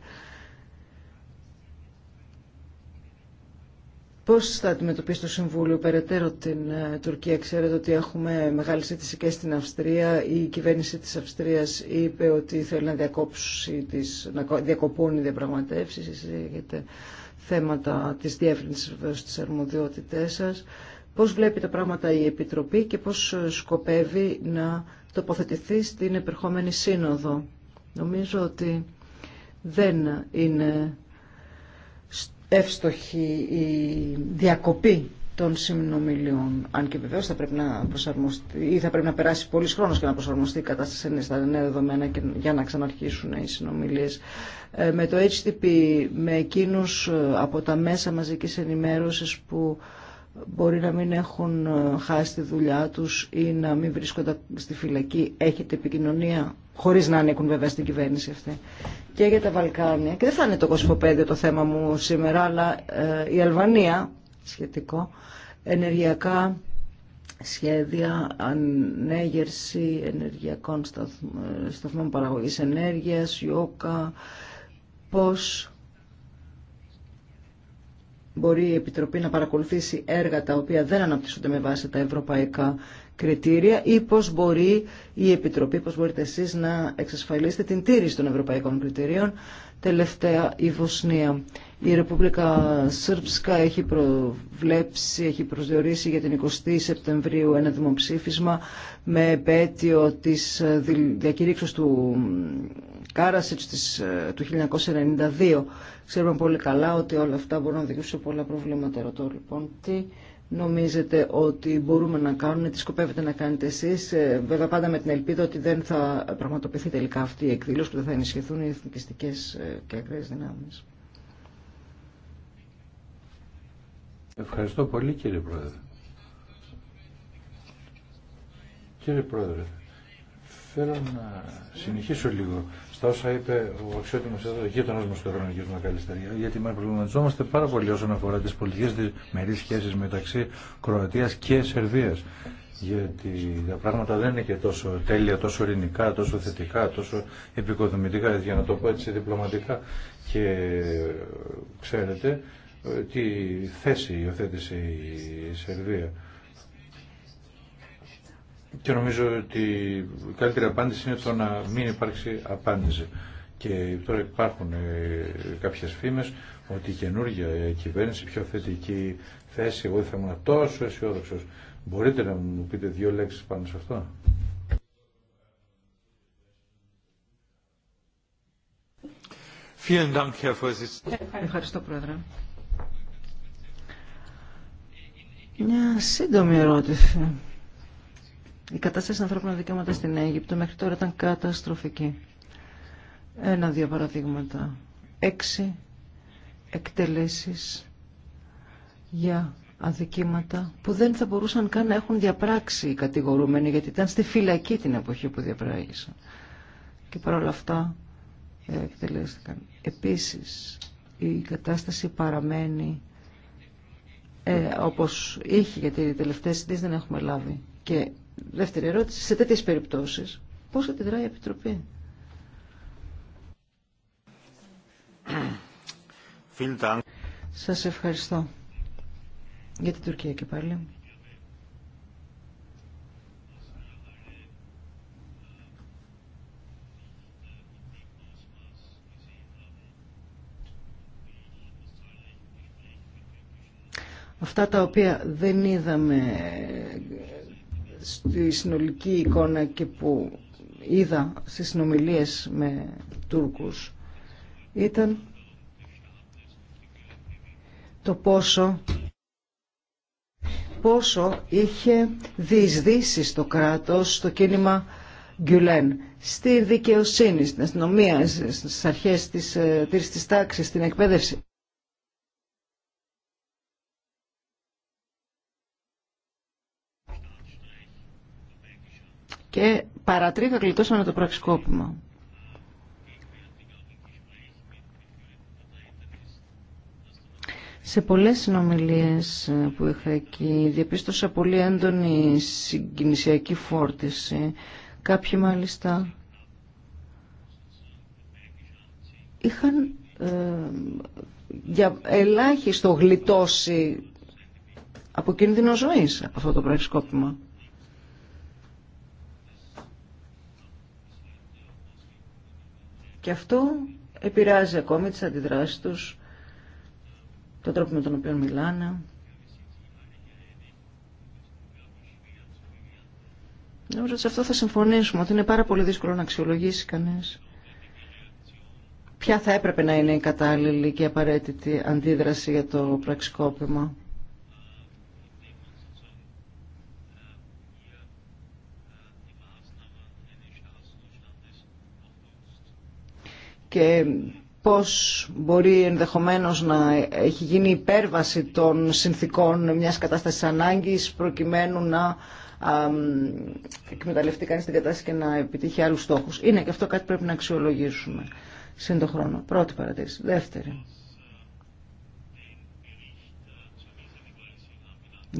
Πώς θα αντιμετωπίσει το Συμβούλιο περαιτέρω την ε, Τουρκία. Ξέρετε ότι έχουμε μεγάλη σύντηση και στην Αυστρία. Η κυβέρνηση της Αυστρίας είπε ότι θέλει να, διακόψει τις, να διακοπούν οι διαπραγματεύσεις. έχετε θέματα της διεύρυνσης βεβαίως της αρμοδιότητές σας. Πώς βλέπει τα πράγματα η Επιτροπή και πώς ε, σκοπεύει να τοποθετηθεί στην επερχόμενη σύνοδο. Νομίζω ότι δεν είναι εύστοχη η διακοπή των συνομιλιών. Αν και βεβαίω θα πρέπει να προσαρμοστεί ή θα πρέπει να περάσει πολλή χρόνο και να προσαρμοστεί η κατάσταση στα νέα δεδομένα για να ξαναρχίσουν οι συνομιλίε. Ε, με το HTTP, με εκείνου ε, από τα μέσα μαζική ενημέρωση που μπορεί να μην έχουν ε, χάσει τη δουλειά του ή να μην βρίσκονται στη φυλακή. Έχετε επικοινωνία χωρίς να ανήκουν βέβαια στην κυβέρνηση αυτή, και για τα Βαλκάνια. Και δεν θα είναι το κοσμοπέδιο το θέμα μου σήμερα, αλλά ε, η Αλβανία, σχετικό, ενεργειακά σχέδια, ανέγερση ενεργειακών σταθμ, σταθμών παραγωγής ενέργειας, ιόκα, πώς μπορεί η Επιτροπή να παρακολουθήσει έργα τα οποία δεν αναπτύσσονται με βάση τα ευρωπαϊκά κριτήρια ή πώς μπορεί η Επιτροπή, πώς μπορείτε εσείς να εξασφαλίσετε την τήρηση των ευρωπαϊκών κριτηρίων. Τελευταία, η Βοσνία. Η Ρεπούμπλικα Σέρψκα έχει προβλέψει, έχει προσδιορίσει για την 20η Σεπτεμβρίου ένα δημοψήφισμα με επέτειο της διακηρύξεως του Κάρασιτς ε, του 1992. Ξέρουμε πολύ καλά ότι όλα αυτά μπορούν να δημιουργήσουν πολλά προβλήματα. Ρωτώ λοιπόν τι νομίζετε ότι μπορούμε να κάνουμε, τι σκοπεύετε να κάνετε εσείς, ε, βέβαια πάντα με την ελπίδα ότι δεν θα πραγματοποιηθεί τελικά αυτή η εκδήλωση και δεν θα ενισχυθούν οι εθνικιστικές ε, και ακραίε δυνάμεις. Ευχαριστώ πολύ κύριε Πρόεδρε. Κύριε Πρόεδρε, θέλω να συνεχίσω λίγο στα όσα είπε ο αξιότιμο εδώ γείτονο μα του στον Μακαλιστεριά, γιατί μα προβληματιζόμαστε πάρα πολύ όσον αφορά τι πολιτικέ διμερεί σχέσει μεταξύ Κροατία και Σερβία. Γιατί τα πράγματα δεν είναι και τόσο τέλεια, τόσο ειρηνικά, τόσο θετικά, τόσο επικοδομητικά, για να το πω έτσι διπλωματικά. Και ε, ξέρετε ε, τι θέση υιοθέτησε η Σερβία και νομίζω ότι η καλύτερη απάντηση είναι το να μην υπάρξει απάντηση. Και τώρα υπάρχουν ε, κάποιες φήμες ότι η καινούργια κυβέρνηση, η πιο θετική θέση, εγώ θα ήμουν τόσο αισιόδοξο. Μπορείτε να μου πείτε δύο λέξεις πάνω σε αυτό. Ευχαριστώ, Πρόεδρε. Μια σύντομη ερώτηση. Η κατάσταση των ανθρώπινων δικαιωμάτων στην Αίγυπτο μέχρι τώρα ήταν καταστροφική. Ένα-δύο παραδείγματα. Έξι εκτελέσεις για αδικήματα που δεν θα μπορούσαν καν να έχουν διαπράξει οι κατηγορούμενοι γιατί ήταν στη φυλακή την εποχή που διαπράγησαν. Και παρόλα αυτά ε, εκτελέστηκαν. Επίσης η κατάσταση παραμένει ε, όπως είχε γιατί οι τελευταίες συντήσεις δεν έχουμε λάβει. Και Δεύτερη ερώτηση, σε τέτοιες περιπτώσεις πώς δράει η Επιτροπή. Σας ευχαριστώ για την Τουρκία και πάλι. Αυτά τα οποία δεν είδαμε στη συνολική εικόνα και που είδα στις συνομιλίες με Τούρκους ήταν το πόσο πόσο είχε διεισδύσει στο κράτος το κίνημα Γκιουλέν στη δικαιοσύνη, στην αστυνομία, στις αρχές της, ε, της τάξης, στην εκπαίδευση. και παρατρίχα γλιτώσαμε το πραξικόπημα. Σε πολλές συνομιλίες που είχα εκεί διαπίστωσα πολύ έντονη συγκινησιακή φόρτιση. Κάποιοι μάλιστα είχαν ε, για ελάχιστο γλιτώσει από κίνδυνο ζωής από αυτό το πραξικόπημα. Και αυτό επηρεάζει ακόμη τις αντιδράσεις τους, τον τρόπο με τον οποίο μιλάνε. Νομίζω ότι σε αυτό θα συμφωνήσουμε, ότι είναι πάρα πολύ δύσκολο να αξιολογήσει κανείς ποια θα έπρεπε να είναι η κατάλληλη και απαραίτητη αντίδραση για το πραξικόπημα. και πώς μπορεί ενδεχομένως να έχει γίνει υπέρβαση των συνθήκων μιας κατάστασης ανάγκης προκειμένου να εκμεταλλευτεί κανείς την κατάσταση και να επιτύχει άλλους στόχους. Είναι και αυτό κάτι πρέπει να αξιολογήσουμε σύντο χρόνο. Πρώτη παρατήρηση. Δεύτερη.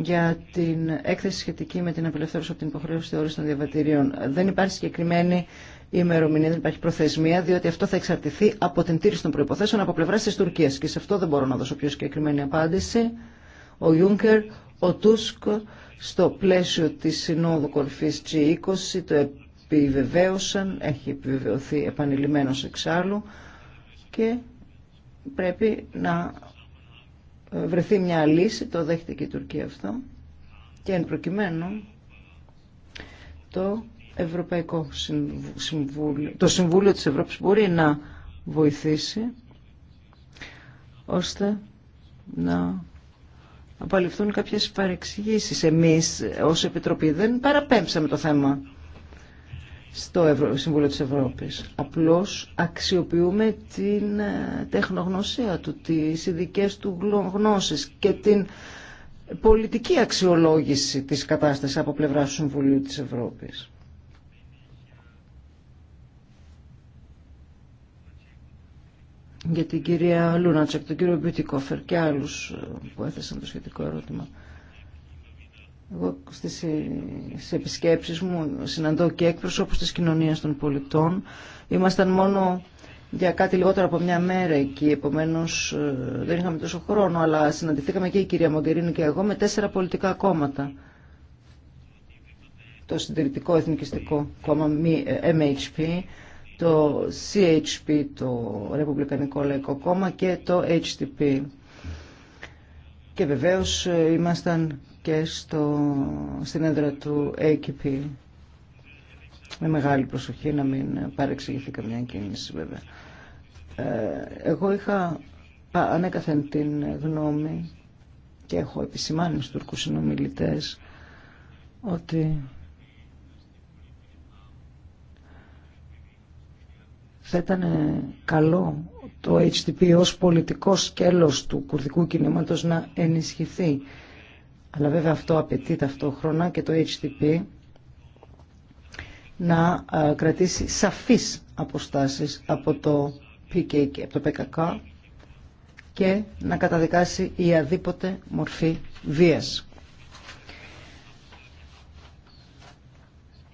για την έκθεση σχετική με την απελευθέρωση από την υποχρέωση θεώρηση των διαβατηρίων. Δεν υπάρχει συγκεκριμένη η ημερομηνία, δεν υπάρχει προθεσμία, διότι αυτό θα εξαρτηθεί από την τήρηση των προποθέσεων από πλευρά τη Τουρκία. Και σε αυτό δεν μπορώ να δώσω πιο συγκεκριμένη απάντηση. Ο Ιούνκερ, ο Τούσκ, στο πλαίσιο τη Συνόδου Κορυφή G20, το επιβεβαίωσαν, έχει επιβεβαιωθεί επανειλημμένο εξάλλου και πρέπει να ε, βρεθεί μια λύση, το δέχεται και η Τουρκία αυτό. Και εν προκειμένου, το Ευρωπαϊκό Συμβούλιο, το Συμβούλιο της Ευρώπης μπορεί να βοηθήσει ώστε να απαλληφθούν κάποιες παρεξηγήσεις. Εμείς ως Επιτροπή δεν παραπέμψαμε το θέμα στο Ευρω... Συμβούλιο της Ευρώπης. Απλώς αξιοποιούμε την ε, τεχνογνωσία του, τις ειδικέ του γνώσεις και την πολιτική αξιολόγηση της κατάστασης από πλευρά του Συμβουλίου της Ευρώπης. για την κυρία Λούνατσεκ, τον κύριο Μπιουτικόφερ και άλλους ε, που έθεσαν το σχετικό ερώτημα. Εγώ στις, σε επισκέψεις μου συναντώ και εκπροσώπους της κοινωνίας των πολιτών. Ήμασταν μόνο για κάτι λιγότερο από μια μέρα εκεί, επομένως ε, δεν είχαμε τόσο χρόνο, αλλά συναντηθήκαμε και η κυρία Μογκερίνη και εγώ με τέσσερα πολιτικά κόμματα. Το συντηρητικό εθνικιστικό κόμμα ε, MHP, το CHP, το Ρεπουμπλικανικό Λαϊκό Κόμμα και το HTP. Και βεβαίως ε, ήμασταν και στο, στην έδρα του AKP. Με μεγάλη προσοχή να μην παρεξηγηθεί καμιά κίνηση βέβαια. Ε, εγώ είχα ανέκαθεν την γνώμη και έχω επισημάνει στους Τουρκούς συνομιλητές ότι θα ήταν ε, καλό το HTP ως πολιτικό σκέλος του κουρδικού κινήματος να ενισχυθεί. Αλλά βέβαια αυτό απαιτεί ταυτόχρονα και το HTP να ε, κρατήσει σαφείς αποστάσεις από το PKK, από το PKK και να καταδικάσει η αδίποτε μορφή βίας.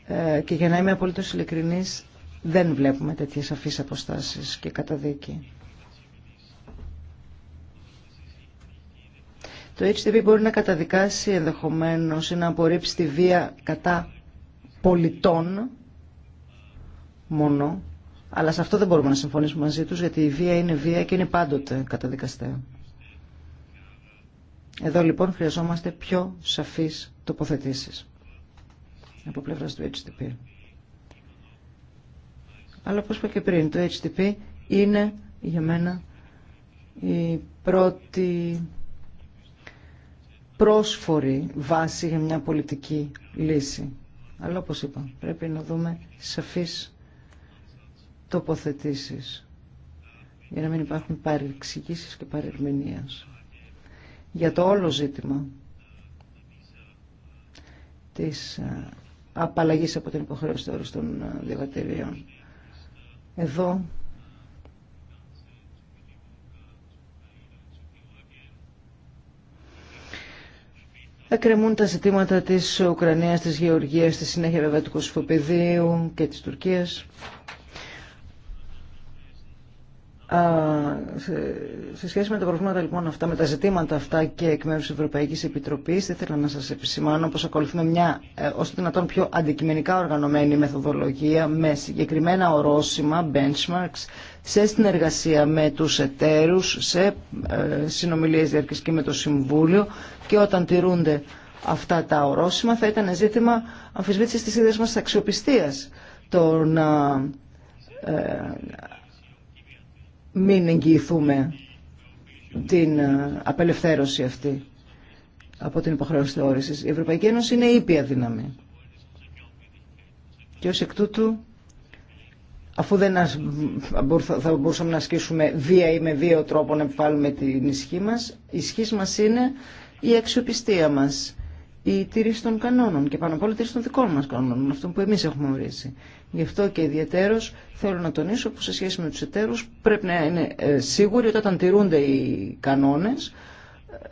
Ε, και για να είμαι απολύτως ειλικρινής, δεν βλέπουμε τέτοιες σαφείς αποστάσεις και καταδίκη. Το HDP μπορεί να καταδικάσει ενδεχομένως ή να απορρίψει τη βία κατά πολιτών μόνο, αλλά σε αυτό δεν μπορούμε να συμφωνήσουμε μαζί τους γιατί η βία είναι βία και είναι πάντοτε καταδικαστέα. Εδώ λοιπόν χρειαζόμαστε πιο σαφείς τοποθετήσεις από πλευράς του HDP. Αλλά όπως είπα και πριν, το HTTP είναι για μένα η πρώτη πρόσφορη βάση για μια πολιτική λύση. Αλλά όπως είπα, πρέπει να δούμε σαφείς τοποθετήσεις για να μην υπάρχουν παρεξηγήσεις και παρερμηνίες Για το όλο ζήτημα της ε, απαλλαγής από την υποχρέωση των ε, διαβατηρίων εδώ Εκκρεμούν τα ζητήματα της Ουκρανίας, της Γεωργίας, στη συνέχεια βέβαια του και της Τουρκίας σε σχέση με τα προβλήματα λοιπόν αυτά, με τα ζητήματα αυτά και εκ μέρου τη Ευρωπαϊκή Επιτροπή, ήθελα να σα επισημάνω πω ακολουθούμε μια ω ε, το δυνατόν πιο αντικειμενικά οργανωμένη μεθοδολογία με συγκεκριμένα ορόσημα, benchmarks, σε συνεργασία με τους εταίρους, σε ε, συνομιλίε διαρκή και με το Συμβούλιο και όταν τηρούνται αυτά τα ορόσημα θα ήταν ζήτημα αμφισβήτησης της μα μας αξιοπιστίας. των μην εγγυηθούμε την ε, απελευθέρωση αυτή από την υποχρέωση θεώρηση. Η Ευρωπαϊκή Ένωση είναι ήπια δύναμη. Και ως εκ τούτου, αφού δεν θα μπορούσαμε να ασκήσουμε βία ή με δύο τρόπο να επιβάλλουμε την ισχύ μας, η ισχύ μας είναι η αξιοπιστία μας η τήρηση των κανόνων και πάνω απ' όλα τήρηση των δικών μας κανόνων, αυτών που εμείς έχουμε ορίσει. Γι' αυτό και ιδιαίτερο θέλω να τονίσω που σε σχέση με τους εταίρους πρέπει να είναι ε, σίγουροι ότι όταν τηρούνται οι κανόνες,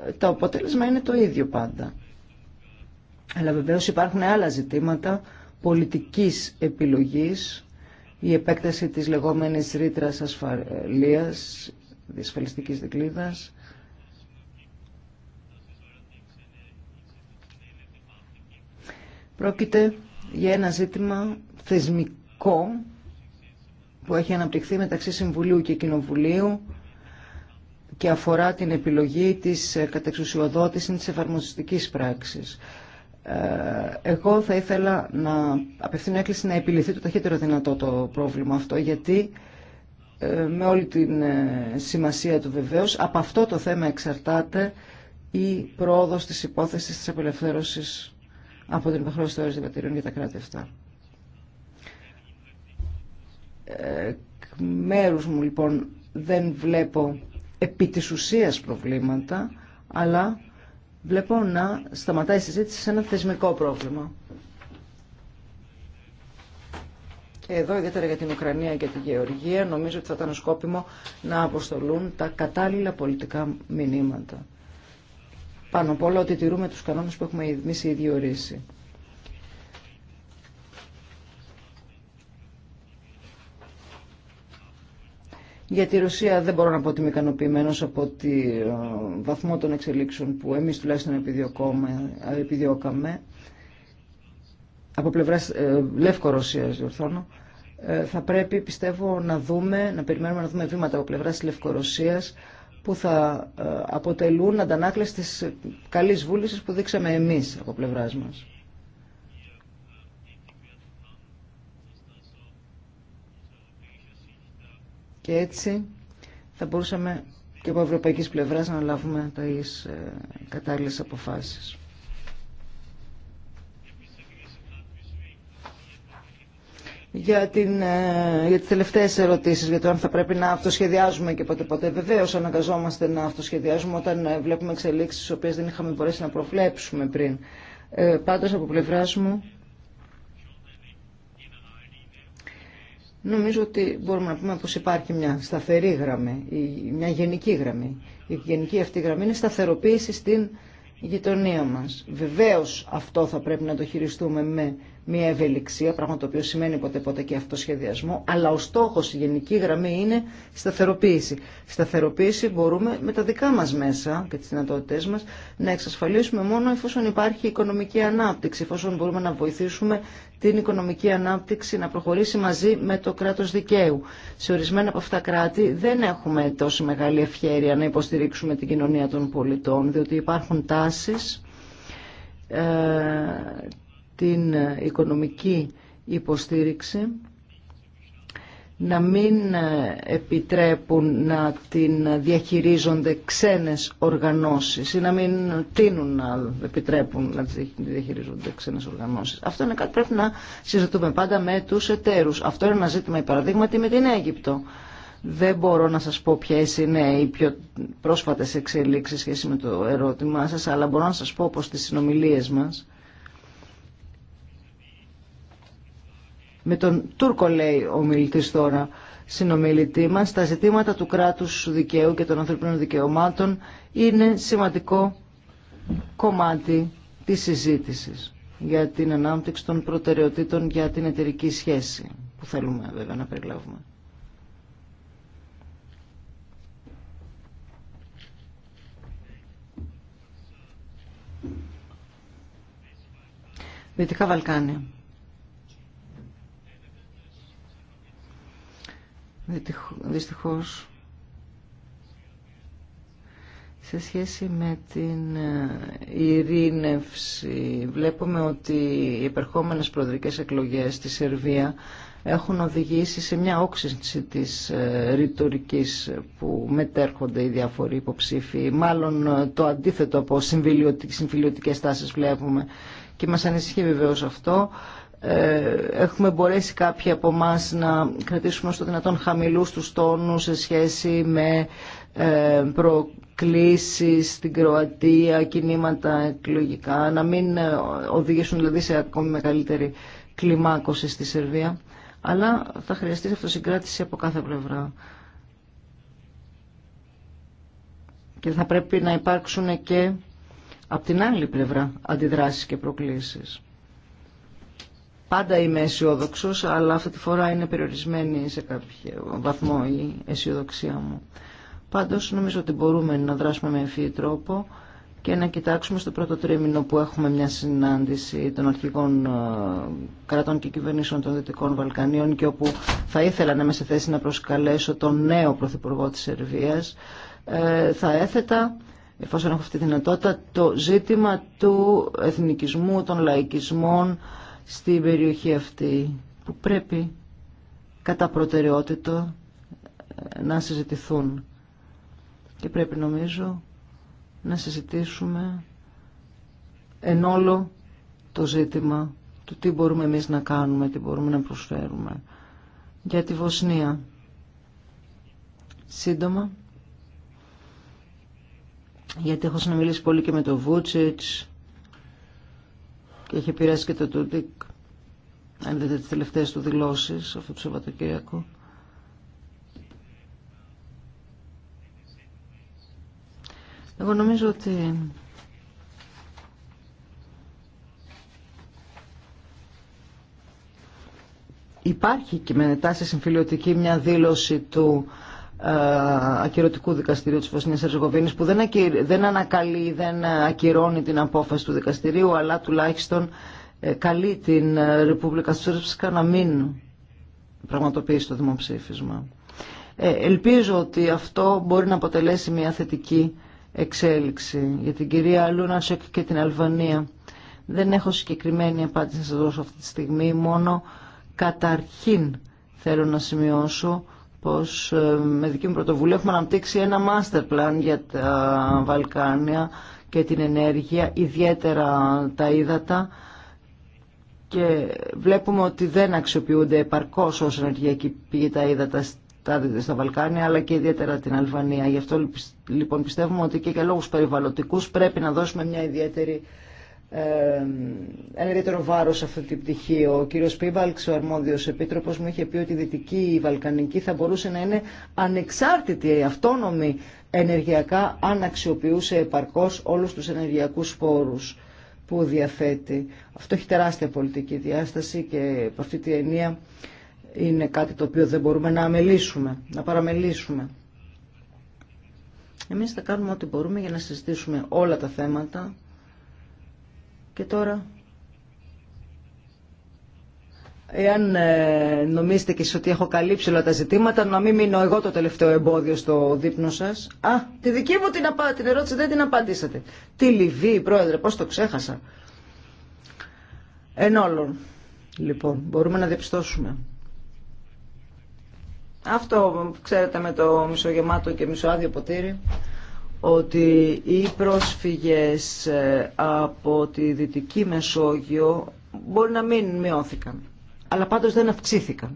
ε, το αποτέλεσμα είναι το ίδιο πάντα. Αλλά βεβαίως υπάρχουν άλλα ζητήματα πολιτικής επιλογής, η επέκταση της λεγόμενης ρήτρα ασφαλείας, διασφαλιστικής δικλίδας, Πρόκειται για ένα ζήτημα θεσμικό που έχει αναπτυχθεί μεταξύ Συμβουλίου και Κοινοβουλίου και αφορά την επιλογή της ε, κατεξουσιοδότησης της εφαρμοστικής πράξης. Ε, εγώ θα ήθελα να απευθύνω έκκληση να επιληθεί το ταχύτερο δυνατό το πρόβλημα αυτό, γιατί ε, με όλη την σημασία του βεβαίως, από αυτό το θέμα εξαρτάται η πρόοδος της υπόθεσης της απελευθέρωσης από την υποχρέωση των διαβατηρίων για τα κράτη αυτά. Εκ μέρους μου λοιπόν δεν βλέπω επί της ουσίας προβλήματα, αλλά βλέπω να σταματάει η συζήτηση σε ένα θεσμικό πρόβλημα. εδώ, ιδιαίτερα για την Ουκρανία και την Γεωργία, νομίζω ότι θα ήταν σκόπιμο να αποστολούν τα κατάλληλα πολιτικά μηνύματα πάνω απ' όλα ότι τηρούμε τους κανόνες που έχουμε εμείς οι ίδιοι ορίσει. Για τη Ρωσία δεν μπορώ να πω ότι είμαι ικανοποιημένο από τη ε, βαθμό των εξελίξεων που εμείς τουλάχιστον επιδιώκαμε. Από πλευράς ε, διορθώνω. Ε, θα πρέπει πιστεύω να δούμε, να περιμένουμε να δούμε βήματα από πλευράς Λευκορωσίας που θα ε, αποτελούν αντανάκλαση της καλής βούλησης που δείξαμε εμείς από πλευράς μας. Και έτσι θα μπορούσαμε και από ευρωπαϊκής πλευράς να λάβουμε τις ε, κατάλληλες αποφάσεις. για, την, ε, για τις τελευταίες ερωτήσεις, για το αν θα πρέπει να αυτοσχεδιάζουμε και ποτέ ποτέ. Βεβαίως αναγκαζόμαστε να αυτοσχεδιάζουμε όταν ε, βλέπουμε εξελίξεις τις οποίες δεν είχαμε μπορέσει να προβλέψουμε πριν. Ε, πάντως από πλευρά μου, νομίζω ότι μπορούμε να πούμε πως υπάρχει μια σταθερή γραμμή, μια γενική γραμμή. Η γενική αυτή γραμμή είναι σταθεροποίηση στην γειτονία μας. Βεβαίως αυτό θα πρέπει να το χειριστούμε με μια ευελιξία, πράγμα το οποίο σημαίνει ποτέ ποτέ και αυτοσχεδιασμό, αλλά ο στόχος, η γενική γραμμή είναι σταθεροποίηση. Σταθεροποίηση μπορούμε με τα δικά μας μέσα και τις δυνατότητές μας να εξασφαλίσουμε μόνο εφόσον υπάρχει οικονομική ανάπτυξη, εφόσον μπορούμε να βοηθήσουμε την οικονομική ανάπτυξη να προχωρήσει μαζί με το κράτος δικαίου. Σε ορισμένα από αυτά κράτη δεν έχουμε τόση μεγάλη ευχαίρεια να υποστηρίξουμε την κοινωνία των πολιτών, διότι υπάρχουν τάσεις ε, την οικονομική υποστήριξη να μην επιτρέπουν να την διαχειρίζονται ξένες οργανώσεις ή να μην τίνουν να επιτρέπουν να τη διαχειρίζονται ξένες οργανώσεις. Αυτό είναι κάτι πρέπει να συζητούμε πάντα με τους εταίρους. Αυτό είναι ένα ζήτημα, παραδείγματι, με την Αίγυπτο. Δεν μπορώ να σας πω ποιες είναι οι πιο πρόσφατες εξελίξεις σχέση με το ερώτημά σας, αλλά μπορώ να σας πω πως στις συνομιλίες μας με τον Τούρκο λέει ο μιλητής τώρα συνομιλητή μα. τα ζητήματα του κράτους δικαίου και των ανθρωπίνων δικαιωμάτων είναι σημαντικό κομμάτι της συζήτησης για την ανάπτυξη των προτεραιοτήτων για την εταιρική σχέση που θέλουμε βέβαια να περιλάβουμε. Δυτικά Βαλκάνια. δυστυχώς σε σχέση με την ε, ειρήνευση βλέπουμε ότι οι επερχόμενες προεδρικές εκλογές στη Σερβία έχουν οδηγήσει σε μια όξυνση της ε, ρητορική που μετέρχονται οι διάφοροι υποψήφοι. Μάλλον ε, το αντίθετο από συμφιλιωτικές τάσεις βλέπουμε και μας ανησυχεί βεβαίως αυτό. Ε, έχουμε μπορέσει κάποιοι από εμά να κρατήσουμε στο δυνατόν χαμηλούς τους τόνους σε σχέση με ε, προκλήσεις στην Κροατία, κινήματα εκλογικά, να μην ε, οδηγήσουν δηλαδή σε ακόμη μεγαλύτερη κλιμάκωση στη Σερβία. Αλλά θα χρειαστεί αυτοσυγκράτηση από κάθε πλευρά. Και θα πρέπει να υπάρξουν και από την άλλη πλευρά αντιδράσεις και προκλήσεις. Πάντα είμαι αισιόδοξο, αλλά αυτή τη φορά είναι περιορισμένη σε κάποιο βαθμό η αισιοδοξία μου. Πάντως νομίζω ότι μπορούμε να δράσουμε με ευφύ τρόπο και να κοιτάξουμε στο πρώτο τρίμηνο που έχουμε μια συνάντηση των αρχικών ε, κρατών και κυβερνήσεων των Δυτικών Βαλκανίων και όπου θα ήθελα να είμαι σε θέση να προσκαλέσω τον νέο Πρωθυπουργό της Σερβίας, ε, θα έθετα, εφόσον έχω αυτή τη δυνατότητα, το ζήτημα του εθνικισμού, των λαϊκισμών, στην περιοχή αυτή που πρέπει κατά προτεραιότητα ε, να συζητηθούν. Και πρέπει νομίζω να συζητήσουμε εν όλο το ζήτημα του τι μπορούμε εμείς να κάνουμε, τι μπορούμε να προσφέρουμε. Για τη Βοσνία. Σύντομα. Γιατί έχω συνομιλήσει πολύ και με τον Βούτσιτς, και έχει επηρεάσει και το Τούντικ. Αν δείτε τις τελευταίες του δηλώσεις αυτό το Σαββατοκύριακο. Εγώ νομίζω ότι υπάρχει και με τάση συμφιλιωτική μια δήλωση του ε, ακυρωτικού δικαστηρίου της Βοσνίας Ερζεγοβίνης που δεν, ακυρ, δεν ανακαλεί, δεν ακυρώνει την απόφαση του δικαστηρίου αλλά τουλάχιστον ε, καλεί την ε, Ρεπούμπλικα Σέρψκα να μην πραγματοποιήσει το δημοψήφισμα. ελπίζω ότι αυτό μπορεί να αποτελέσει μια θετική εξέλιξη για την κυρία Λούνασεκ και την Αλβανία. Δεν έχω συγκεκριμένη απάντηση να σας δώσω αυτή τη στιγμή, μόνο καταρχήν θέλω να σημειώσω πως ε, με δική μου πρωτοβουλία έχουμε αναπτύξει ένα master plan για τα Βαλκάνια και την ενέργεια, ιδιαίτερα τα ύδατα και βλέπουμε ότι δεν αξιοποιούνται επαρκώς ως ενεργειακή πηγή τα ύδατα στα Βαλκάνια αλλά και ιδιαίτερα την Αλβανία. Γι' αυτό λοιπόν πιστεύουμε ότι και για λόγους περιβαλλοντικούς πρέπει να δώσουμε μια ιδιαίτερη ενεργέτερο ιδιαίτερο βάρο σε αυτή την πτυχή. Ο κύριο Πίβαλξ, ο αρμόδιο επίτροπο, μου είχε πει ότι η Δυτική η Βαλκανική θα μπορούσε να είναι ανεξάρτητη, αυτόνομη ενεργειακά, αν αξιοποιούσε επαρκώ όλου τους ενεργειακού πόρους που διαθέτει. Αυτό έχει τεράστια πολιτική διάσταση και από αυτή τη ενία είναι κάτι το οποίο δεν μπορούμε να αμελήσουμε, να παραμελήσουμε. Εμείς θα κάνουμε ό,τι μπορούμε για να συζητήσουμε όλα τα θέματα και τώρα, εάν ε, νομίζετε και ότι έχω καλύψει όλα τα ζητήματα, να μην μείνω εγώ το τελευταίο εμπόδιο στο δείπνο σας. Α, τη δική μου την, απα... την ερώτηση δεν την απαντήσατε. Τι Λιβύη, πρόεδρε, πώς το ξέχασα. Εν όλων, λοιπόν, μπορούμε να διαπιστώσουμε. Αυτό, ξέρετε, με το μισογεμάτο και μισοάδιο ποτήρι, ότι οι πρόσφυγες ε, από τη Δυτική Μεσόγειο μπορεί να μην μειώθηκαν, αλλά πάντως δεν αυξήθηκαν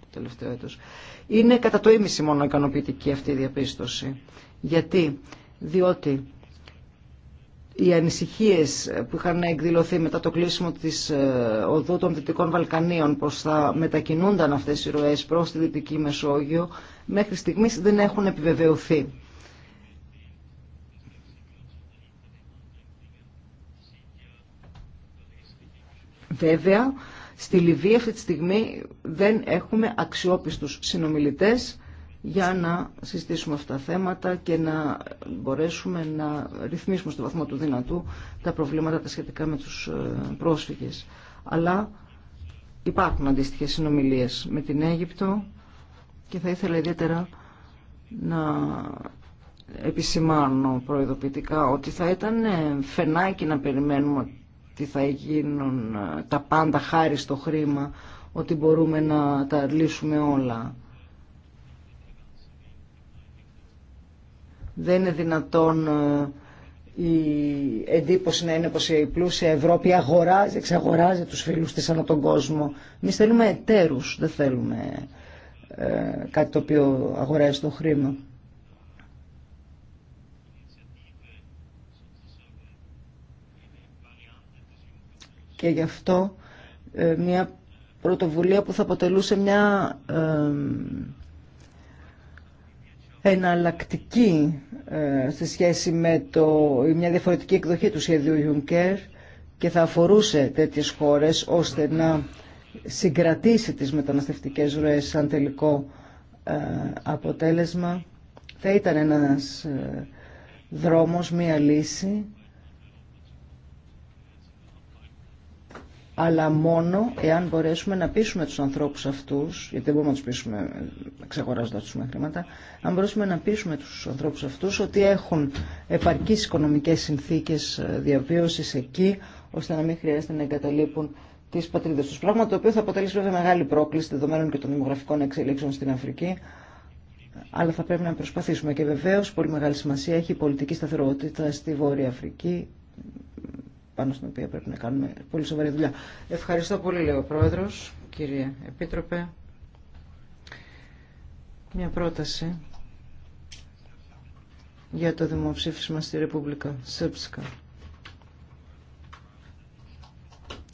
το τελευταίο έτος. Είναι κατά το ίμιση μόνο ικανοποιητική αυτή η διαπίστωση. Γιατί, διότι οι ανησυχίες που είχαν εκδηλωθεί μετά το κλείσιμο της ε, οδού των Δυτικών Βαλκανίων πως θα μετακινούνταν αυτές οι ροές προς τη Δυτική Μεσόγειο μέχρι στιγμής δεν έχουν επιβεβαιωθεί. Βέβαια, στη Λιβύη αυτή τη στιγμή δεν έχουμε αξιόπιστους συνομιλητές για να συζητήσουμε αυτά τα θέματα και να μπορέσουμε να ρυθμίσουμε στο βαθμό του δυνατού τα προβλήματα τα σχετικά με τους ε, πρόσφυγες. Αλλά υπάρχουν αντίστοιχε συνομιλίες με την Αίγυπτο και θα ήθελα ιδιαίτερα να επισημάνω προειδοποιητικά ότι θα ήταν φαινάκι να περιμένουμε ότι θα γίνουν ε, τα πάντα χάρη στο χρήμα, ότι μπορούμε να τα λύσουμε όλα. Δεν είναι δυνατόν ε, η εντύπωση να είναι πως η πλούσια Ευρώπη αγοράζει, εξαγοράζει τους φίλους της ανά τον κόσμο. Εμεί θέλουμε εταίρους, δεν θέλουμε ε, κάτι το οποίο αγοράζει το χρήμα. και γι' αυτό ε, μια πρωτοβουλία που θα αποτελούσε μια ε, εναλλακτική ε, σε σχέση με το, μια διαφορετική εκδοχή του σχεδίου Juncker και θα αφορούσε τέτοιες χώρες ώστε να συγκρατήσει τις μεταναστευτικές ροές σαν τελικό αποτέλεσμα θα ήταν ένας δρόμος, μία λύση αλλά μόνο εάν μπορέσουμε να πείσουμε τους ανθρώπους αυτούς, γιατί δεν μπορούμε να τους πείσουμε εξαγοράζοντας τους με χρήματα, αν μπορέσουμε να πείσουμε τους ανθρώπους αυτούς ότι έχουν επαρκείς οικονομικές συνθήκες ε, διαβίωσης εκεί, ώστε να μην χρειάζεται να εγκαταλείπουν τις πατρίδες τους. Πράγμα το οποίο θα αποτελεί, βέβαια μεγάλη πρόκληση δεδομένων και των δημογραφικών εξελίξεων στην Αφρική, αλλά θα πρέπει να προσπαθήσουμε. Και βεβαίως πολύ μεγάλη σημασία έχει η πολιτική σταθερότητα στη Βόρεια Αφρική, πάνω στην οποία πρέπει να κάνουμε πολύ σοβαρή δουλειά. Ευχαριστώ πολύ, λέει ο πρόεδρο, κύριε Επίτροπε. Μια πρόταση για το δημοψήφισμα στη Ρεπούμπλικα Σέρψικα.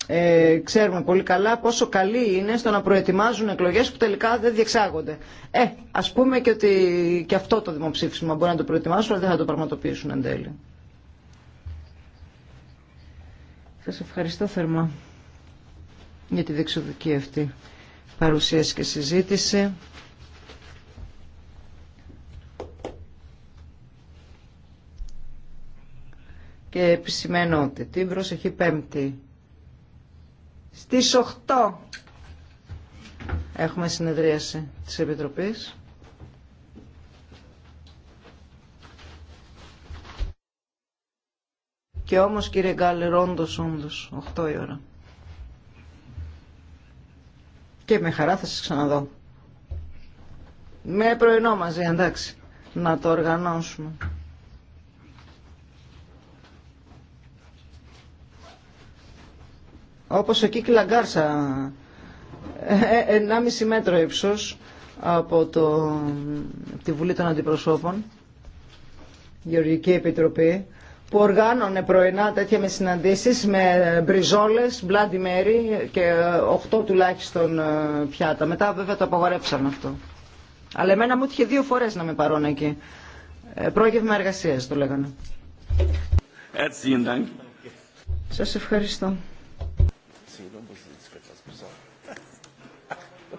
Ε, ξέρουμε πολύ καλά πόσο καλή είναι στο να προετοιμάζουν εκλογές που τελικά δεν διεξάγονται. Ε, ας πούμε και ότι και αυτό το δημοψήφισμα μπορεί να το προετοιμάσουν, αλλά δεν θα το πραγματοποιήσουν εν τέλει. Σας ευχαριστώ θερμά για τη δεξιοδική αυτή παρουσίαση και συζήτηση. Και επισημαίνω ότι την προσεχή πέμπτη στις 8 έχουμε συνεδρίαση της Επιτροπής. Και όμως κύριε Γκάλερ, όντως, όντως, 8 η ώρα. Και με χαρά θα σας ξαναδώ. Με πρωινό μαζί, εντάξει. Να το οργανώσουμε. Όπως εκεί κυλαγκάρσα 1,5 ε, ε, μέτρο ύψος από το, τη Βουλή των Αντιπροσώπων, Γεωργική Επιτροπή, που οργάνωνε πρωινά τέτοια με συναντήσεις με μπριζόλες, μπλάντι μέρη και ε, οχτώ τουλάχιστον ε, πιάτα. Μετά βέβαια το απαγορέψαν αυτό. Αλλά εμένα μου είχε δύο φορές να με παρόν εκεί. Ε, πρόγευμα εργασία το λέγανε. Σας ευχαριστώ.